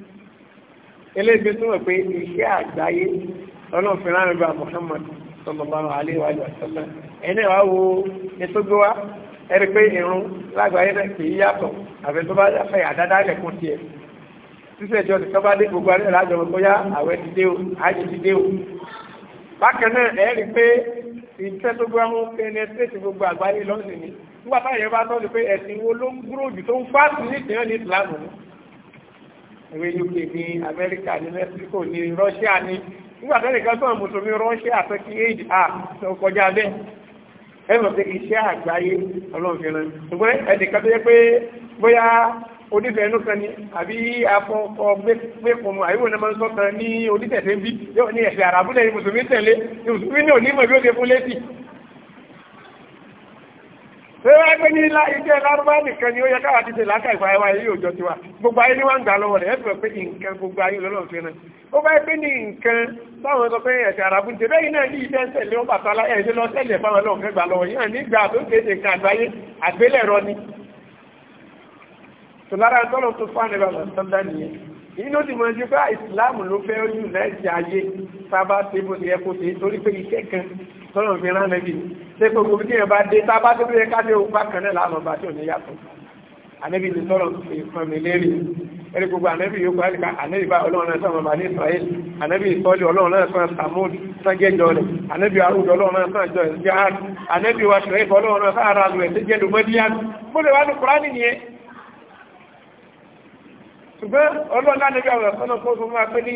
S1: eléyìí tó wọ̀ pé iṣẹ́ àgbáyé ọlọ́ọ̀fin láàrin bá Muhammad sallallahu alaihi wa sallam ẹni wàá wo ètò gbé wa ẹni pé irun lágbàáyé náà kì í yàtọ̀ àfi tó bá fẹ́ àdáda lẹ́kùn tiẹ̀ sísè ìjọ ti tọ́ba dé gbogbo alẹ́ lájọ wọn bóyá àwẹ̀ ti dé o àyè ti dé o bákan náà ẹ rí i pé ìṣẹ́ tó gbé wọn pé ní ẹsẹ̀ ti gbogbo àgbáyé lọ́sìn ni nígbà táyẹ̀ bá tọ́jú pé ẹ̀sìn wo ìwé UK ní Amẹ́ríkà ní Mexico ní Russia ní nígbà tó nìkan sọ̀rọ̀ mùsùlùmí Russia tó kí aid a tó kọjá bẹ́ẹ̀ ẹ mọ̀ pé iṣẹ́ àgbáyé ọlọ́run fi rán ṣùgbọ́n ẹnìkan tó yẹ pé bóyá onífẹ̀ẹ́ inú kan ni àbí afọ́kọ gbẹ́kùnmu àyíwò náà máa ń sọ́kan ní onífẹ̀ẹ́ tó ń bí yóò ní ẹ̀sẹ̀ àràbúlẹ̀ ní mùsùlùmí tẹ̀lé mùsùlùmí ní onímọ̀ bí ó ṣe fún létí ẹwà pé ní iṣẹ́ lárúbá nìkan ni ó yẹ káwà ti ṣe láàkà ìfà ẹwà ilé òjò tiwa gbogbo ayé ni wọ́n ń gbà lọ́wọ́ rẹ̀ ẹ̀fẹ̀ pé nǹkan gbogbo ayé lọ́lọ́ fi rẹ̀ ó bá pé ní nǹkan báwọn sọ pé ẹ̀sẹ̀ àràbù ṣe bẹ́yìn náà ní iṣẹ́ ń tẹ̀lé ó bàtà lá ẹ̀ṣẹ̀ lọ tẹ̀lé fáwọn ọlọ́ọ̀kẹ́ gbà lọ́wọ́ yẹn nígbà tó ṣe ṣe nǹkan àgbáyé àgbélẹ̀rọ tó fáwọn èyí ló ti mọ̀ ju bá ìsìláàmù ló fẹ́ yù láìsí ayé sábà ṣe bó ti yẹ kó ṣe torí pé iṣẹ́ kan tọ́nà fi rán lẹ́bi ṣé gbogbo bí yẹn bá dé sábà tó bí yẹ ká dé òkú kan náà láàmú bá tí ò ní yàtọ̀ ànẹ́bí ti sọ̀rọ̀ ìfọ̀n mi lérí ẹni gbogbo ànẹ́bí yóò kọ́ àyíká ànẹ́bí bá ọlọ́run náà sọ̀rọ̀ bá ní Israel ànẹ́bí ìsọ́lẹ̀ ọlọ́run ṣùgbọ́n ọlọ́lá níbi àwọn ẹ̀fọ́nà kó fún wa pé ní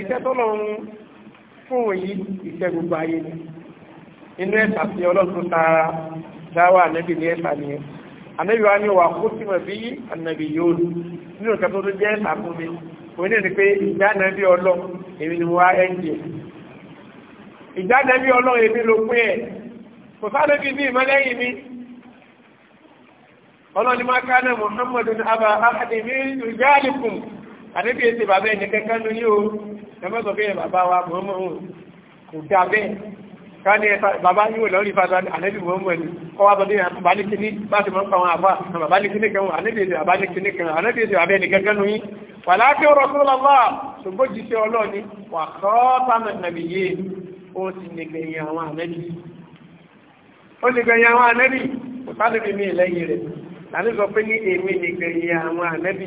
S1: iṣẹ́ tó lọ ń fún òyí iṣẹ́ gbogbo ayé ni inú ẹ̀sà fi ọlọ́run tara dáwà ànẹ́bì ní ẹ̀sà ni ẹ̀ ànẹ́bì wa ní wà kó tí wọ́n fi yí ànẹ́bì yóò lù nínú ìka tó tó jẹ́ ẹ̀sà fún mi òun ní pé ìjà ànẹ́bì ọlọ́ èmi ni wọ́n á ẹ̀ ń jẹ ìjà ànẹ́bì ọlọ́ èmi ló pín ẹ̀ kò sáré bí ọlọ́ni máa ká náà muhammadu ní abba ahadimi ìjáàlìkùn àdébí ètè bàbá ẹni kankan ní o ẹgbẹ́ sọ bẹ́ẹ̀ bàbá wa muhammadu kò dá bẹ́ẹ̀ ká ní bàbá yóò lọ́rí fata àdébí muhammadu kọ́ wa bàbá yẹn bàbá ní kíní bá ti mọ́ pa wọn àbá bàbá ní kíní kan àdébí ètè ó ti nìgbẹ̀yìn àwọn ànẹ́bí kò sáré mi lẹ́yìn rẹ̀ tàbí sọ pé ní èmi nìkan yẹ àwọn ànẹ́bí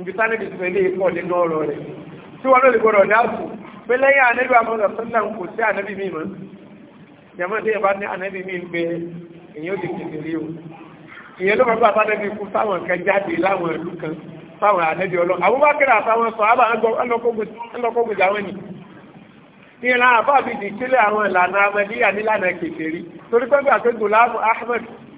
S1: ibi tánẹ́bí ti pẹ̀lú ìpọ̀ nínú ọ̀rọ̀ rẹ̀ tí wọ́n lórí gbọ́dọ̀ dáàbò pé lẹ́yìn ànẹ́bí àmọ́dọ̀ sọ́nà kò sí ànẹ́bí mi mọ́ jẹ́mọ́ tí ìbá ní ànẹ́bí mi ń bẹ èyàn ti kìtì rí o ìyẹn ló bàbá àtànẹ́bí kú sáwọn kan jáde láwọn ìlú kan sáwọn ànẹ́bí ọlọ́ àwọn bá kẹ́rẹ́ àtàwọn sọ àbá ńlọkọ́gùn jáwọn ni ìyẹn láwọn àbá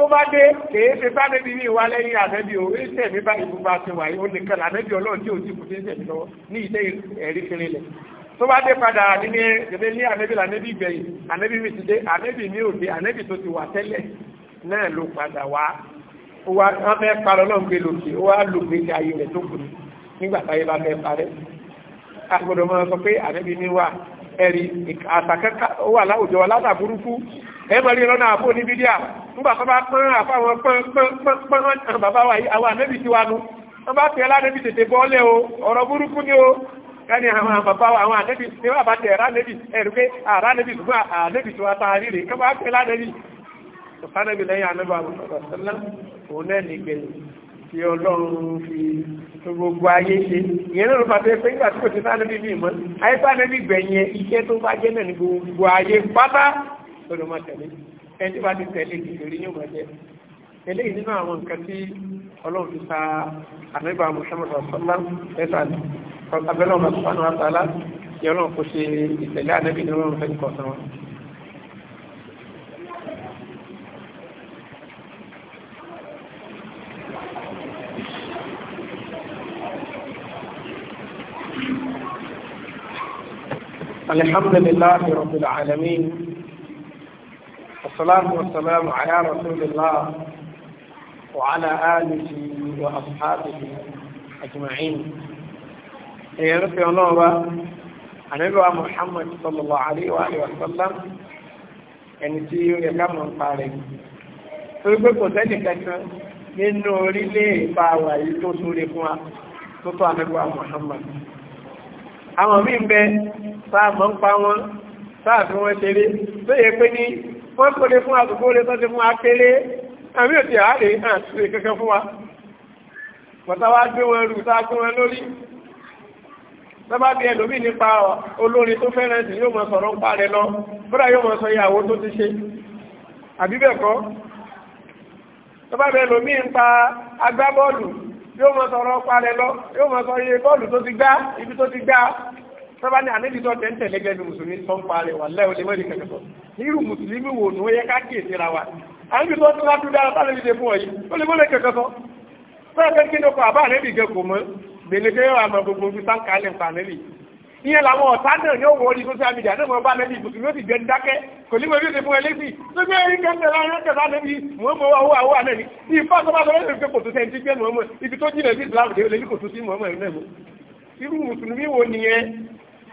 S1: tó bá dé kèé ṣe bá débi ní ìwà lẹ́yìn ànẹ́bí o ní sẹ̀mí bá ìbúba ti wà yìí ó nìkan ànẹ́bí ọlọ́run tí ò ti kù sí sẹ̀mí lọ́wọ́ ní ilé ẹ̀rí kiri lẹ̀ tó bá dé padà nílé ìdílé ní ànẹ́bí lànẹ́bí ìgbẹ̀yìn ànẹ́bí mi ti dé ànẹ́bí mi ò dé ànẹ́bí tó ti wà tẹ́lẹ̀ náà ló padà wá wọ́n fẹ́ parọ́ náà gbé lòkè ó wá lòkè ní ayé rẹ̀ tó kù nígbà táyé bá fẹ́ parẹ́ àgbọ̀dọ̀ mọ́ sọ pé ànẹ́bí mi wà ẹ̀rí àtàkẹ́kẹ́ ẹ̀mọ̀ rí lọ́nà àfọ́ ní bídíà nígbà tó bá pọ́n àfáwọn pọ́n bàbá wa àwọn ànẹ́bì tí wa nu wọ́n bá tẹ̀ lánẹ́bì tètè bọ́ọ̀lẹ̀ o ọ̀rọ̀ burúkú ni o káni àwọn bàbá wa àwọn ànẹ́bì tí wọ́n bá tẹ̀ ránẹ́bì ẹ̀rù pé àránẹ́bì ṣùgbọ́n ànẹ́bì tí wa ta rí rè kọ́ bá tẹ̀ lánẹ́bì sọ̀tánẹ́bì lẹ́yìn ànẹ́bì àwọn ọ̀sán òun náà nìgbẹ̀yìn tí ọlọ́run fi gbogbo ayé ṣe ìyẹn náà ló fà bẹ́ẹ̀ pé nígbà tí kò ti sáré bíbí mọ́ ayé sáré bíbẹ̀ yẹn iṣẹ́ tó bá jẹ́ náà ní gbogbo ayé pátá gbọ́dọ̀ máa tẹ̀lé ẹni tí bá ti tẹ̀lé ìgbèrè ní ọmọ ẹ̀jẹ̀ eléyìí nínú àwọn nǹkan tí ọlọ́run ti ta àmẹ́bà mọ̀ṣẹ́mọ̀tò ọ̀sọ́lá ẹ̀sà abẹ́lẹ́ ọmọ sọ́nà àtàlá ni ọlọ́run kò ṣe ìtẹ̀lé àdẹ́bí ní ọlọ́run fẹ́ẹ́ kọ̀ọ̀tàn wọn. الحمد لله رب العالمين والصلاة والسلام على رسول الله وعلى آله وأصحابه أجمعين يا رب يا نوبة أنا محمد صلى الله عليه وآله وسلم ẹni tí ó yẹ ká mọ̀ ń parẹ́ torí pé kò sẹ́ni kankan nínú orílẹ̀ ìpa wà yìí tó súre fún wa tó tó àmẹ́gbà Muhammad àwọn míì ń bẹ sáà mọ̀ ń pa wọn sáà fi wọ́n ṣeré tó yẹ pé ní wọ́n kò lè fún àdúgbò lè tọ́jú fún akéré àmì òtí àárè hàn sí kankan fún wa bọ̀tá wá gbé wọn rù tá a gbé wọn lórí lọ́ba bí ẹlòmíì nípa olórin tó fẹ́ràn sí yóò mọ sọ̀rọ̀ ń parẹ́ lọ bọ́dà yóò mọ sọ ìyàwó tó ti ṣe àbí bẹ́ẹ̀ kọ́ lọ́ba bí ẹlòmíì ń pa agbábọ́ọ̀lù yóò mọ sọ̀rọ̀ parẹ́ lọ yóò mọ sọ iye bọ́ọ̀lù tó ti gbá ibi tó ti gbá sábà ní ànábì tó tẹ́ntẹ̀ lẹ́gbẹ̀ẹ́ ní mùsùlùmí tó ń parẹ́ wà lẹ́wọ̀n lè mọ́lì kẹ̀kẹ́ sọ nírú mùsùlùmí wò ní ó yẹ ká kíyèsí ra wa ànábì tó tún láti dára sáré lè fún ọ yìí ó lè mọ́lì kẹ̀kẹ́ sọ sọ́yà pé kí ni ọkọ̀ àbá ànábì gẹ kò mọ́ gbèlégbé yóò àmọ́ gbogbo ojú sáǹkà lẹ̀ fún ànábì ìyẹn làwọn ọ̀tá náà yóò wọ orí social media náà wọ́n bá nẹ́bí ìbùsùn yóò sì jẹ́ dákẹ́ kò ní wọ́n yóò ṣe fún ẹlẹ́sì tó gbé ẹ̀rí kẹ́kẹ́ láwọn kẹta nẹ́bí wọ́n mọ owó àwọn àná ni ìfọ́ sọ́ba sọ́ba yóò fi kò tó sẹ́ńtì jẹ́ mọ́mọ́ ibi tó jìnà sí Islam lè ní kò tó sí mọ́mọ́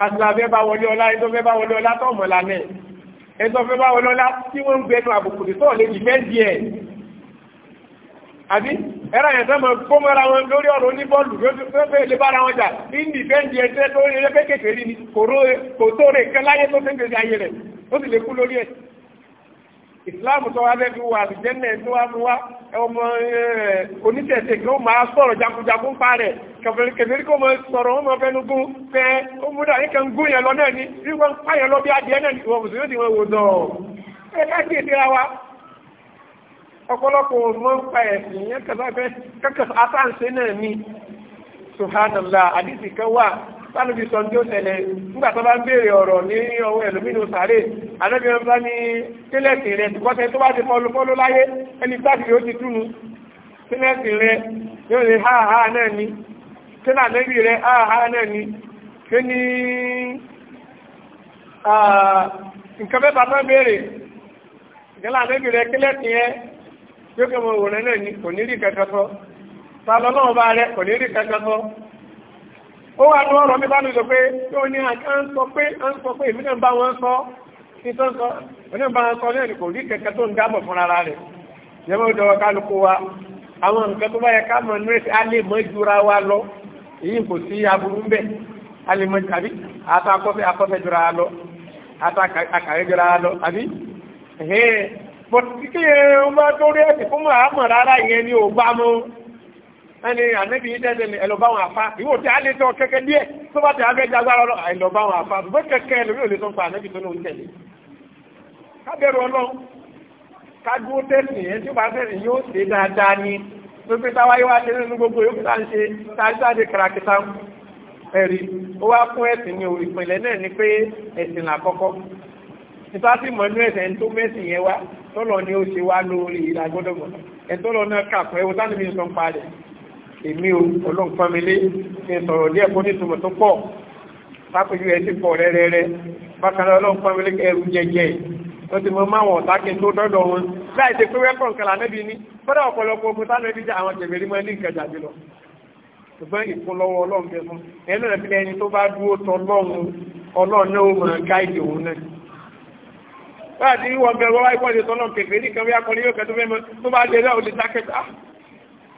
S1: àtìlà fẹ́ bá wọlé ọlá ẹjọ́ fẹ́ bá wọlé ọlá tó mọ̀ lánẹ̀ ẹjọ́ fẹ́ bá wọlé ọlá tí wọ́n ń gbẹnu àbùkù tó lè jì fẹ́ di ẹ̀ àbí ẹ̀rọ yẹn tó mọ̀ kó mọ́ra wọn lórí ọ̀rọ̀ lè bára wọn ìsìláàmù tó wá lẹ́nu wà àlùjẹ́nẹ̀ tó wá mú wá ọmọ onítẹ̀ẹ̀tẹ̀ kí ó máa sọ̀rọ̀ jagunjagun pa rẹ̀ kẹfẹ́rí kó mọ sọ̀rọ̀ ó mọ fẹ́nu gún fẹ́ ó mú dà níkan gún yẹn lọ náà ni bí wọ́n ń pààyàn lọ bí adìẹ náà ìwọ̀n kò sí yóò di wọn wò dọ̀ ẹ káàkiri ìdíra wa ọ̀pọ̀lọpọ̀ mọ́ ń pa ẹ̀sìn yẹn kẹfẹ́ kẹkẹ atáǹsẹ́ náà ni subhanallah àdìsí kan wà sánúbi sọ tí ó ṣẹlẹ̀ nígbà tó bá ń béèrè ọ̀rọ̀ ní ọwọ́ ẹlòmínú sàárè àlọ́bí wọn ní tẹ́lẹ̀sì rẹ tìkọ́sẹ́ tó bá ti fọlù fọlù láyé ẹni sáàkì ó ti túnu tẹ́lẹ̀sì rẹ yóò lè náà ni rẹ ha náà ni ní nǹkan mẹ́ta àlẹ́bí tẹ́lẹ̀sì yóò kẹ́ náà ni kò ní rí sọ ó wà ní ọ̀rọ̀ mi bá lóṣọ pé tí ó ní àká ń sọ pé ń sọ pé ìmínà bá wọn sọ títọ́ sọ oní bá wọn sọ ní ẹ̀nì kò rí kẹ̀kẹ́ tó ń dábọ̀ fún ara rẹ̀ yẹmọ́ ìjọba kálukú wa bá yẹ a lè mọ̀ jura wa lọ èyí kò sí aburú ń bẹ̀ a lè mọ̀ tàbí ata akọ́fẹ́ akọ́fẹ́ jura wa lọ ata akàrẹ́ jura wa lọ àbí bọ̀t ẹni ànẹ́bí yìí dẹ́dẹ́ ni ẹlọ́ba àwọn afá ìwò tí a lè tọ́ kẹ́kẹ́ díẹ̀ tó bá ti abẹ́ dagbára lọ ẹlọ́ba àwọn afá bó kẹ́kẹ́ ẹlòmí ò lè tọ́ pa ànẹ́bí tó lóun tẹ̀lé. kábẹ́rù ọlọ́run kádúró tẹ̀sí yẹn tí ó bá fẹ́rẹ̀ yóò ṣe dáadáa ni pépé táwáyé wá tẹ́lẹ̀ nínú gbogbo yóò fúnra ń ṣe tájáde kàràkìtà ẹ̀rí ó wá fún ẹ̀sìn ni pé ẹ̀sìn làkọ́kọ́ nípa sí mọ̀nú ni ó ṣe wá lórí ìlàgbọ́dọ̀gbọ̀ èmi o ọlọ́run fámilé ní sọ̀rọ̀ díẹ̀ kó ní ìtumọ̀ tó pọ̀ lápẹjú ẹ ti pọ̀ rẹ́rẹ́rẹ́ bákan náà ọlọ́run fámilé ẹrù jẹjẹ tó ti mọ máwọn ọ̀tákì tó dọ́dọ̀ wọn láì ṣe pé wẹ́pọ̀ nǹkan lànẹ́bí ní fọ́dà ọ̀pọ̀lọpọ̀ ogun tánà ẹbí jẹ́ àwọn jẹ̀bẹ̀rí mọ́ ní nǹkan jàdí lọ ṣùgbọ́n ìkúnlọ́wọ́ ọlọ́run bẹ fún ẹni náà fi ẹni tó bá dúró tọ lọ́run ọlọ́run náà ó mọ̀ gáìdì òun náà báyìí wọ́n bẹ̀rẹ̀ wọ́n wáyé pọ́ọ̀dé tọ́lọ́ kẹfẹ́ ní kan bí akọni yóò kẹ́ tó fẹ́ mọ́ tó bá lè rẹ́ òun lè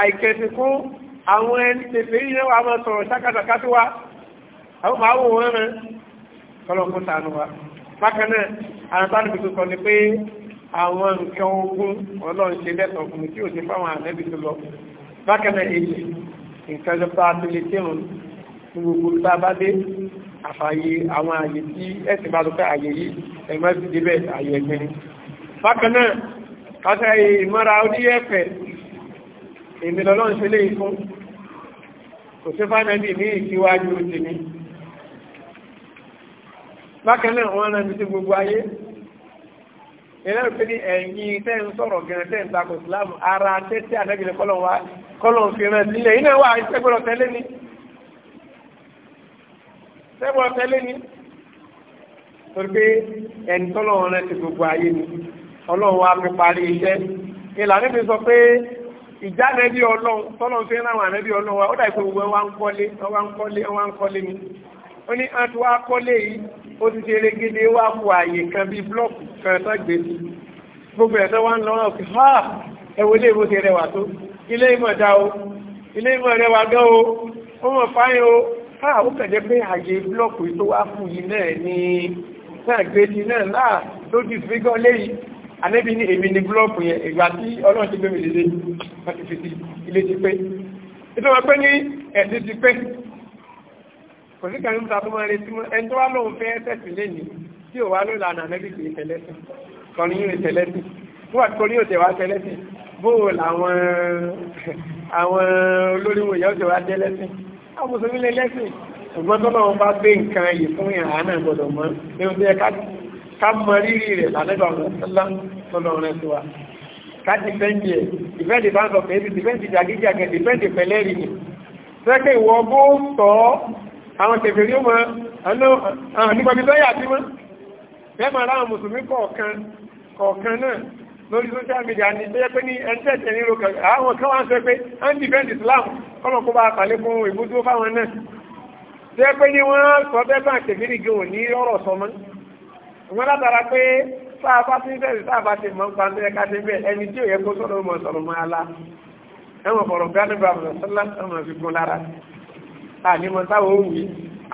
S1: àìkẹsì fún àwọn ẹni tèfè yíyẹ wa máa sọ̀rọ̀ sákàtàkà tó wa àwọn máa wò wọ́n rẹ̀ kọlọ̀kú sànù wa bákan náà àwọn sáà níbi tó sọ ni pé àwọn nǹkan ogun ọlọ́run ṣe lẹ́tọ̀ọ́ fún mi tí ò ti fáwọn ànẹ́bí tó lọ bákan náà èyí nǹkan tó bá tó lè tẹ̀wọ̀n ní gbogbo tá a bá dé àfààyè àwọn àyè tí ẹ̀sìn bá lọ́kọ́ àyè yìí ẹ̀mọ́ ti débẹ̀ àyè ẹ̀gbẹ́ni bákan èmi lọ́lọ́run ṣe léyìí fún kò sí fánàbí ní ìkíwájú tèmi bákan náà wọ́n rán mi sí gbogbo ayé ìlànà pé ní ẹ̀yìn tẹ́ ń sọ̀rọ̀ gẹ̀rẹ́ tẹ́ ń takò ìsìláàmù ara tẹ́tẹ́ àdẹ́gbẹ̀rẹ́ kọ́lọ̀ fi rán sílẹ̀ iná wà ìṣẹ́gbọ̀rọ̀ tẹ́lé ni ṣẹ́gbọ̀rọ̀ tẹ́lé ni torí pé ẹni tọ́lọ̀ rẹ̀ ti gbogbo ayé ni ọlọ́run wa fi parí iṣẹ́ ìlànà mi sọ pé ìjáde bí ọlọ́run tọ́lọ́run fi ń ráwọn àrẹ́bí ọlọ́run wa ó dà ìpé gbogbo wa ń kọ́lé wa ń kọ́lé wa ń kọ́lé ni ó ní àti wá kọ́lé yìí ó ti ṣe erégédé wá bu àyè kan bíi blọọkù kan tó gbé sí gbogbo ẹ̀ wá ń lọ náà fi ha ẹ̀wọ̀ ilé ìwò ti rẹwà tó ilé ìmọ̀ dá o ilé ìmọ̀ rẹwà gán o ó mọ̀ fáyín o ha ó kàn jẹ́ pé àyè blọọkù tó wá fún yìí náà ní náà gbé sí náà láà lójú ìfigọ́ léyìí anẹ́bí ní èmi ní búlọ́ọ̀kù yẹn ìgbà tí ọlọ́run ti gbé mi lélẹ́ wọ́n ti fi sí ilé ti pé nítorí wọn pé ní ẹ̀sìn ti pé kò sí kan níta tó máa retí mọ́ ẹni tó wá lóun fẹ́ tẹ̀sí lẹ́yìn tí ò wá ló lànà anẹ́bí kì í tẹ̀lẹ́sìn kọrin yóò tẹ̀lẹ́sìn wọ́n àti kọrin yóò tẹ̀ wá tẹ̀lẹ́sìn bóò làwọn àwọn olórí wòye ọ̀sẹ̀ wá tẹ̀lẹ́sìn àwọn mùsùlùmí lẹ́lẹ́sìn ṣùgbọ́n tọ́lọ́wọ́n bá gbé nǹkan yìí fún ìhànà gbọ́dọ̀ mọ́ ká mọ rírì rẹ̀ lálẹ́gbà ọ̀sánlá tọ́lọ̀ rẹ̀ sí wa ká dìfẹ́ǹdì ẹ̀ dìfẹ́ǹdì bá ń sọ pé dìfẹ́ǹdì jàgíjàgẹ̀ dìfẹ́ǹdì pẹ̀lẹ́rì ni sẹ́kẹ̀ ìwọ bó tọ́ àwọn kẹfẹ̀rí mọ́ àwọn nígbàmí lọ́yà tí mọ́ bẹ́ẹ̀mọ̀ láwọn mùsùlùmí kọ̀ọ̀kan kọ̀ọ̀kan náà lórí social media ni tó yẹ pé ní ẹ̀ńtẹ́ẹ̀tẹ̀ nílò àwọn kan wá ń sọ pé anti-bend Islam kọ́mọ̀ kó bá pàlẹ́ fún ìbúdó fáwọn náà tó yẹ pé ní wọ́n sọ bẹ́ẹ̀ bá kẹfẹ̀rí gẹ̀ òní ọ̀rọ̀ sọmọ́ ṣùgbọ́n látara pé sáàbá sí bẹ́ẹ̀ sáàbá ti mọ̀ nípa ẹ̀ ká ti bẹ́ẹ̀ ẹni tí ò yẹ kó sọ̀rọ̀ mọ̀ sọ̀rọ̀ mọ́ ala ẹ̀wọ̀n fọ̀rọ̀ gánà bá bọ̀ sọ́lá ọmọ fi gun lára àní mọ táwọn ò wí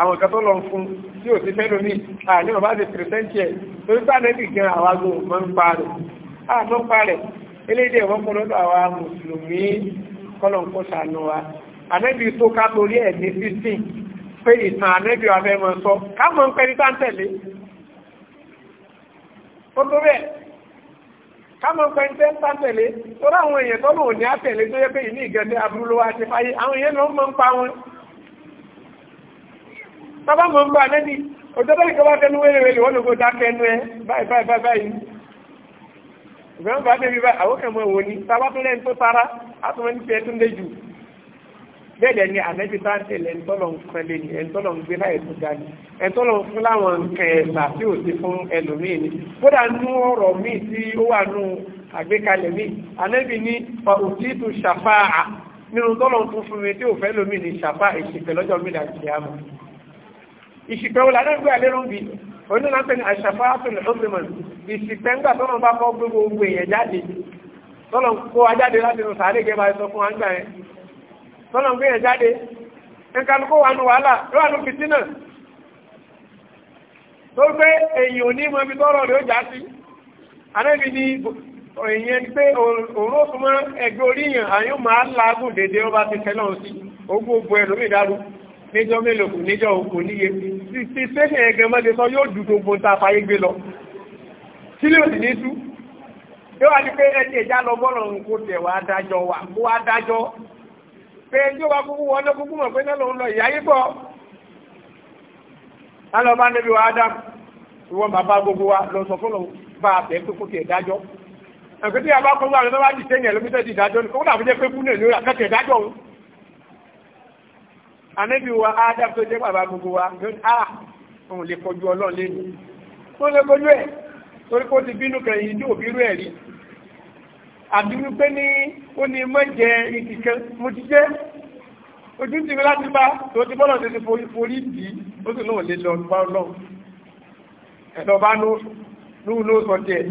S1: àwọn kan tó lọ fún tí ò ti fẹ́ lómi àní mọ̀ bá ti pìrìsẹ́ǹtì ẹ̀ torí sáàdé ti gan àwa gò mọ́ ń pa rẹ̀ a mọ́ ń pa rẹ̀ eléyìí ẹ̀wọ̀n kọ́ lọ́dọ̀ àwa mùsùlùmí kọ́lọ̀ ń kó ó tó bẹ́ẹ̀ kámọ̀ pẹ̀ntẹ́ ń tà tẹ̀lé tó ráwọn èèyàn tó lòun ní àtẹ̀lé tó yẹ pé ìní ìgẹ̀dẹ̀ aburú ló wá ti fáyé àwọn èèyàn ló mọ̀ ń pa wọn tọ́bá mọ̀ ń bá lẹ́ni òjọ́bá ìkọba tẹnu wẹ́rẹ̀wẹ́rẹ̀ wọ́n lóko dákẹ́ ẹnu ẹ báyìí báyìí báyìí bẹ́ẹ̀ ni ànẹ́bí bá tẹ̀lé ẹ̀ńtọ́lọ̀ ń fẹ́lé ni ẹ̀ńtọ́lọ̀ ń gbé láì tó ga ni ẹ̀ńtọ́lọ̀ ń fún láwọn nǹkan ẹ̀sà tí ò sí fún ẹlòmíì ni kódà nú ọ̀rọ̀ míì tí ó wà nú àgbékalẹ̀ míì ànẹ́bí ní òtí tu ṣàfà à nínú tọ́lọ̀ tún fún mi tí ò fẹ́ lómi ni ṣàfà ìṣìpẹ̀ lọ́jọ́ mídà kìámà ìṣìpẹ̀ wo lànà gbé alẹ́ lóbi onílànà ni àṣàfà àtúnlẹ̀ ọ̀gbẹ̀mọ̀ ìṣìpẹ̀ ńgbà tọ́lọ̀ bá kọ́ gbogbo èèyàn jáde tọ́lọ̀ kó wa jáde láti nù sàárè gẹ́gẹ́ bá sọ fún tọ́lọ̀ ń gbé yẹn jáde nǹkan kó wà nù wàhálà ló wà nù fìtínà tó gbé èyí ò ní mọ ibi tọ́rọ̀ rẹ̀ ó já sí anábì ni èyí ẹni pé òun ó súnmọ́ ẹgbẹ́ oríyàn àyún máa lágùn dédé ọba ti tẹ́lọ̀ sí ogún ogun ẹ̀rọ mi dárú níjọ́ mélòó kù níjọ́ òkú níye ti sẹ́sẹ̀ ẹ̀gẹ́ mọ́dé sọ yóò dùn gbogbo ta fàyè gbé lọ tí lè ní tú yóò wá ní pé ẹni ẹ̀já lọ bọ́ọ̀lù pé tí ó bá kúkú wọn ló kúkú mọ̀ pé náà lòun lọ ìyá yìí bọ̀ alọ́ bá níbi wa Adam ìwọ́n bàbá gbogbo wa lọ sọ fún lòun bá a bẹ̀ẹ́ pé kó tiẹ̀ dájọ́ ẹ̀kọ́ tí a bá kọ́kọ́ àwọn ọlọ́wà jìṣẹ́ yẹn lóbi tẹ́jì ìdájọ́ ní kọ́kọ́ àbújẹ́ pé kú náà lórí akẹ́kẹ́ ìdájọ́ òun anẹ́bí wa Adam tó jẹ́ bàbá gbogbo wa ló ní ara ah, òun lè kọjú Ọlọ́run lẹ́nu ó lè kọjú ẹ̀ torí kó ti bínú kan ní òbí rú ẹ̀ rí àbí wípé ní ó ní mọ́jẹ ìkìkan mo ti jẹ́ ojú ti rí láti bá tó ti bọ́lọ̀ tó ti forí dì í ó sì náà lè lọ bá ọlọ́run ẹ̀lọ́ bá lóhùn ló sọ tiẹ̀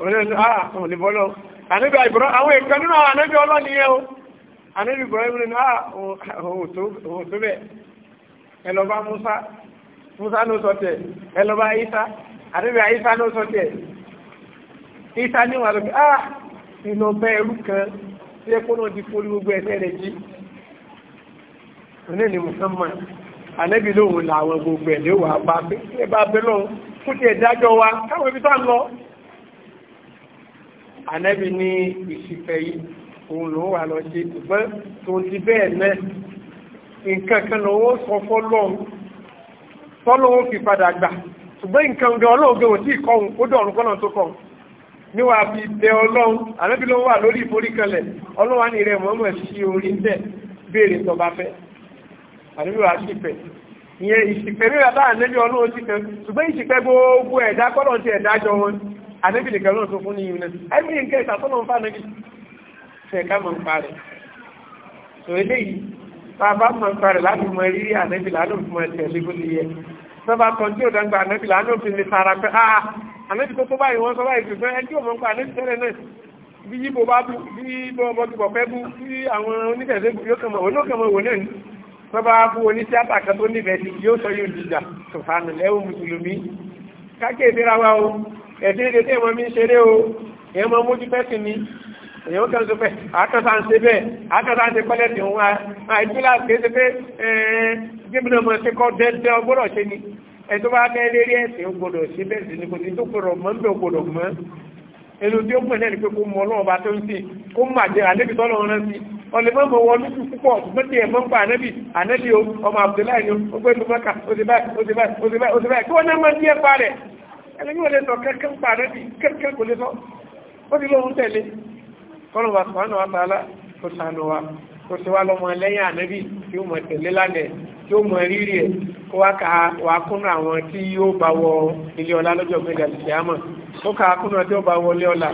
S1: ọ̀rẹ́lẹ́sọ àà ah, òun lè bọ́lọ́ àníbi àìbọ̀rọ̀ àwọn èèkàn nínú àwọn àníbi ọlọ́ni yẹn o àníbi ìbọ̀rọ̀ ìwúrin náà òun tó bẹ̀ ẹ̀lọ́ bá Musa Musa ló sọ tiẹ̀ ẹ̀lọ́ bá Isa àníbi Isa ló sọ tiẹ̀ Isa níwọ̀n àlọ́ inú ọgbẹ́ ẹrú kan tí ẹ kó náà di forí gbogbo ẹ̀sẹ̀ rẹ̀ jí onílẹ̀ Muhammad anẹ́bí lóhun làwọn gbogbo ẹ̀ léwà bá pé ẹ bá bẹ lọ́hun fún ti ẹ̀dájọ́ wa káwọn ibi tá ń lọ anẹ́bí ní ìṣìfẹ́ yìí òun lòún wà lọ ṣe ṣùgbọ́n tòun ti bẹ́ẹ̀ náà nǹkan kan lọ́wọ́ sọ fọ́lọ́hun fọ́lọ́hun fi padà gbà ṣùgbọ́n nǹkan gan ọlọ́ọ̀gẹ́ ò tí ì dọ̀rùn kọ́nà tó kọ́ níwà fi tẹ ọlọ́run ànábì ló wà lórí ìforíkanlẹ̀ ọlọ́wà ní rẹ̀ mọ́mọ́ sí orí ń bẹ̀ béèrè tó bá fẹ́ ànábì wà sí ìfẹ́ ìyẹn ìsìfẹ́ rírà bá ànábì ọlọ́run ti fẹ́ ṣùgbọ́n ìsìfẹ́ gbogbo ẹ̀dá kọ́lọ̀ ti ẹ̀dá jọ wọn ànábì nìkan lọ́nà tó fún ní ìrìn náà ẹ̀mí nǹkan ń fànábì ànábì tó tó báyìí wọ́n sọ báyìí pé ẹni tí ò mọ̀ ń pa ànábì tẹ́lẹ̀ náà bí yíbo bá bú bí bọ́ bọ́dúbọ̀ fẹ́ bú bí àwọn oníkẹ̀ẹ́sẹ́ yóò kàn mọ̀ òun yóò kàn mọ̀ òun náà ní tó bá bú oníṣẹ́ àtàkà tó nífẹ̀ẹ́ sí yóò sọ yóò dìjà sọ̀fàánù lẹ́wọ̀n mùsùlùmí káàkiri ìdíra wa o ẹ̀sìn ìdíje ìmọ̀ mi ń ṣeré o èèyàn mọ mójú fẹ́sìn ni èèyàn kan sọ pé àkàtà ń ṣe bẹ́ẹ̀ àkàtà ń ṣe pẹ́lẹ́ sí òun wa kéṣe pé ẹ̀ẹ́n eh, ẹ̀tọ́ bá fẹ́ lérí ẹ̀sìn gbọdọ̀ sí bẹ́ẹ̀ sí ni kò sí tó gbọdọ̀ mọ́ ń bẹ̀ gbọdọ̀ mọ́ ẹnu tí ó pè náà ni pé kó mọ ọlọ́run bá tó ń sìn kó mọ àjẹ ànẹ́bí tọ́lọ́ rán sí ọlẹ́ mọ́ mọ́ wọn lójú púpọ̀ ṣùgbọ́n tí ẹ̀ mọ́ ń pa ànẹ́bí ànẹ́bí o ọmọ Abdullahi ni ó gbé lu mọ́ka ó ti báyìí ó ti báyìí ó ti báyìí ó ti báyìí kí wọ́n náà máa díẹ̀ pa rẹ̀ ẹlẹ́mí ò lè sọ kẹ́kẹ́ ń pa ànẹ́bí kẹ́kẹ́ kò lè sọ ó ti lóhun tẹ̀lé kọ́lọ̀ wa sọ̀rọ̀ wa sàlá kó sànù wa kó ti wá lọ́mọ lẹ́yìn ànẹ́bí tí yóò mọ rírì ẹ̀ kó wá ka wàá kúnnú àwọn tí yóò bá wọ ilé ọlá lọ́jọ́ gbẹ̀dà lìkìámọ̀ ó ka kúnnú tí ó bá wọ ilé ọlá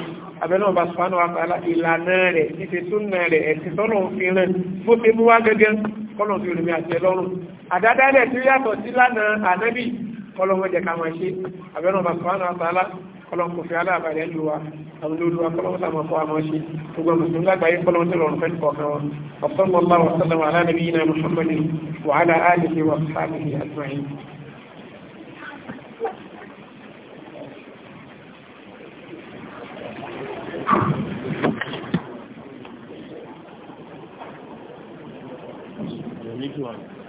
S1: abẹ́nú ọba sùpánù àpàlà ìlànà rẹ̀ ìṣe súnà rẹ̀ ẹ̀sìn tọ́nà òfin rẹ̀ bó ṣe mú wá gẹ́gẹ́ kọ́nà fi rìnrìn àti ẹlọ́run àdádálẹ̀ tí ó yàtọ̀ sí lánàá ànábì kọ́lọ́mọdé ká máa ṣe abẹ́nú ọba sùpánù àpàlà kọlọ́mù fi aláàbàlẹ̀ lù wa àwọn olóòlùwà kọlọ́mù sàmà fọ́ àmọ́ ṣe gbogbo mùsùlùmí lágbàáyé kọlọ́mù tó rọrùn fẹ́ẹ́ kọ̀ọ̀kan wọn ọ̀sánmọ́ bá wọn sọ́dọ̀ wọn aláàbí yìí náà muhammadu wa ala alihi wa sahbihi ajma'in Thank you.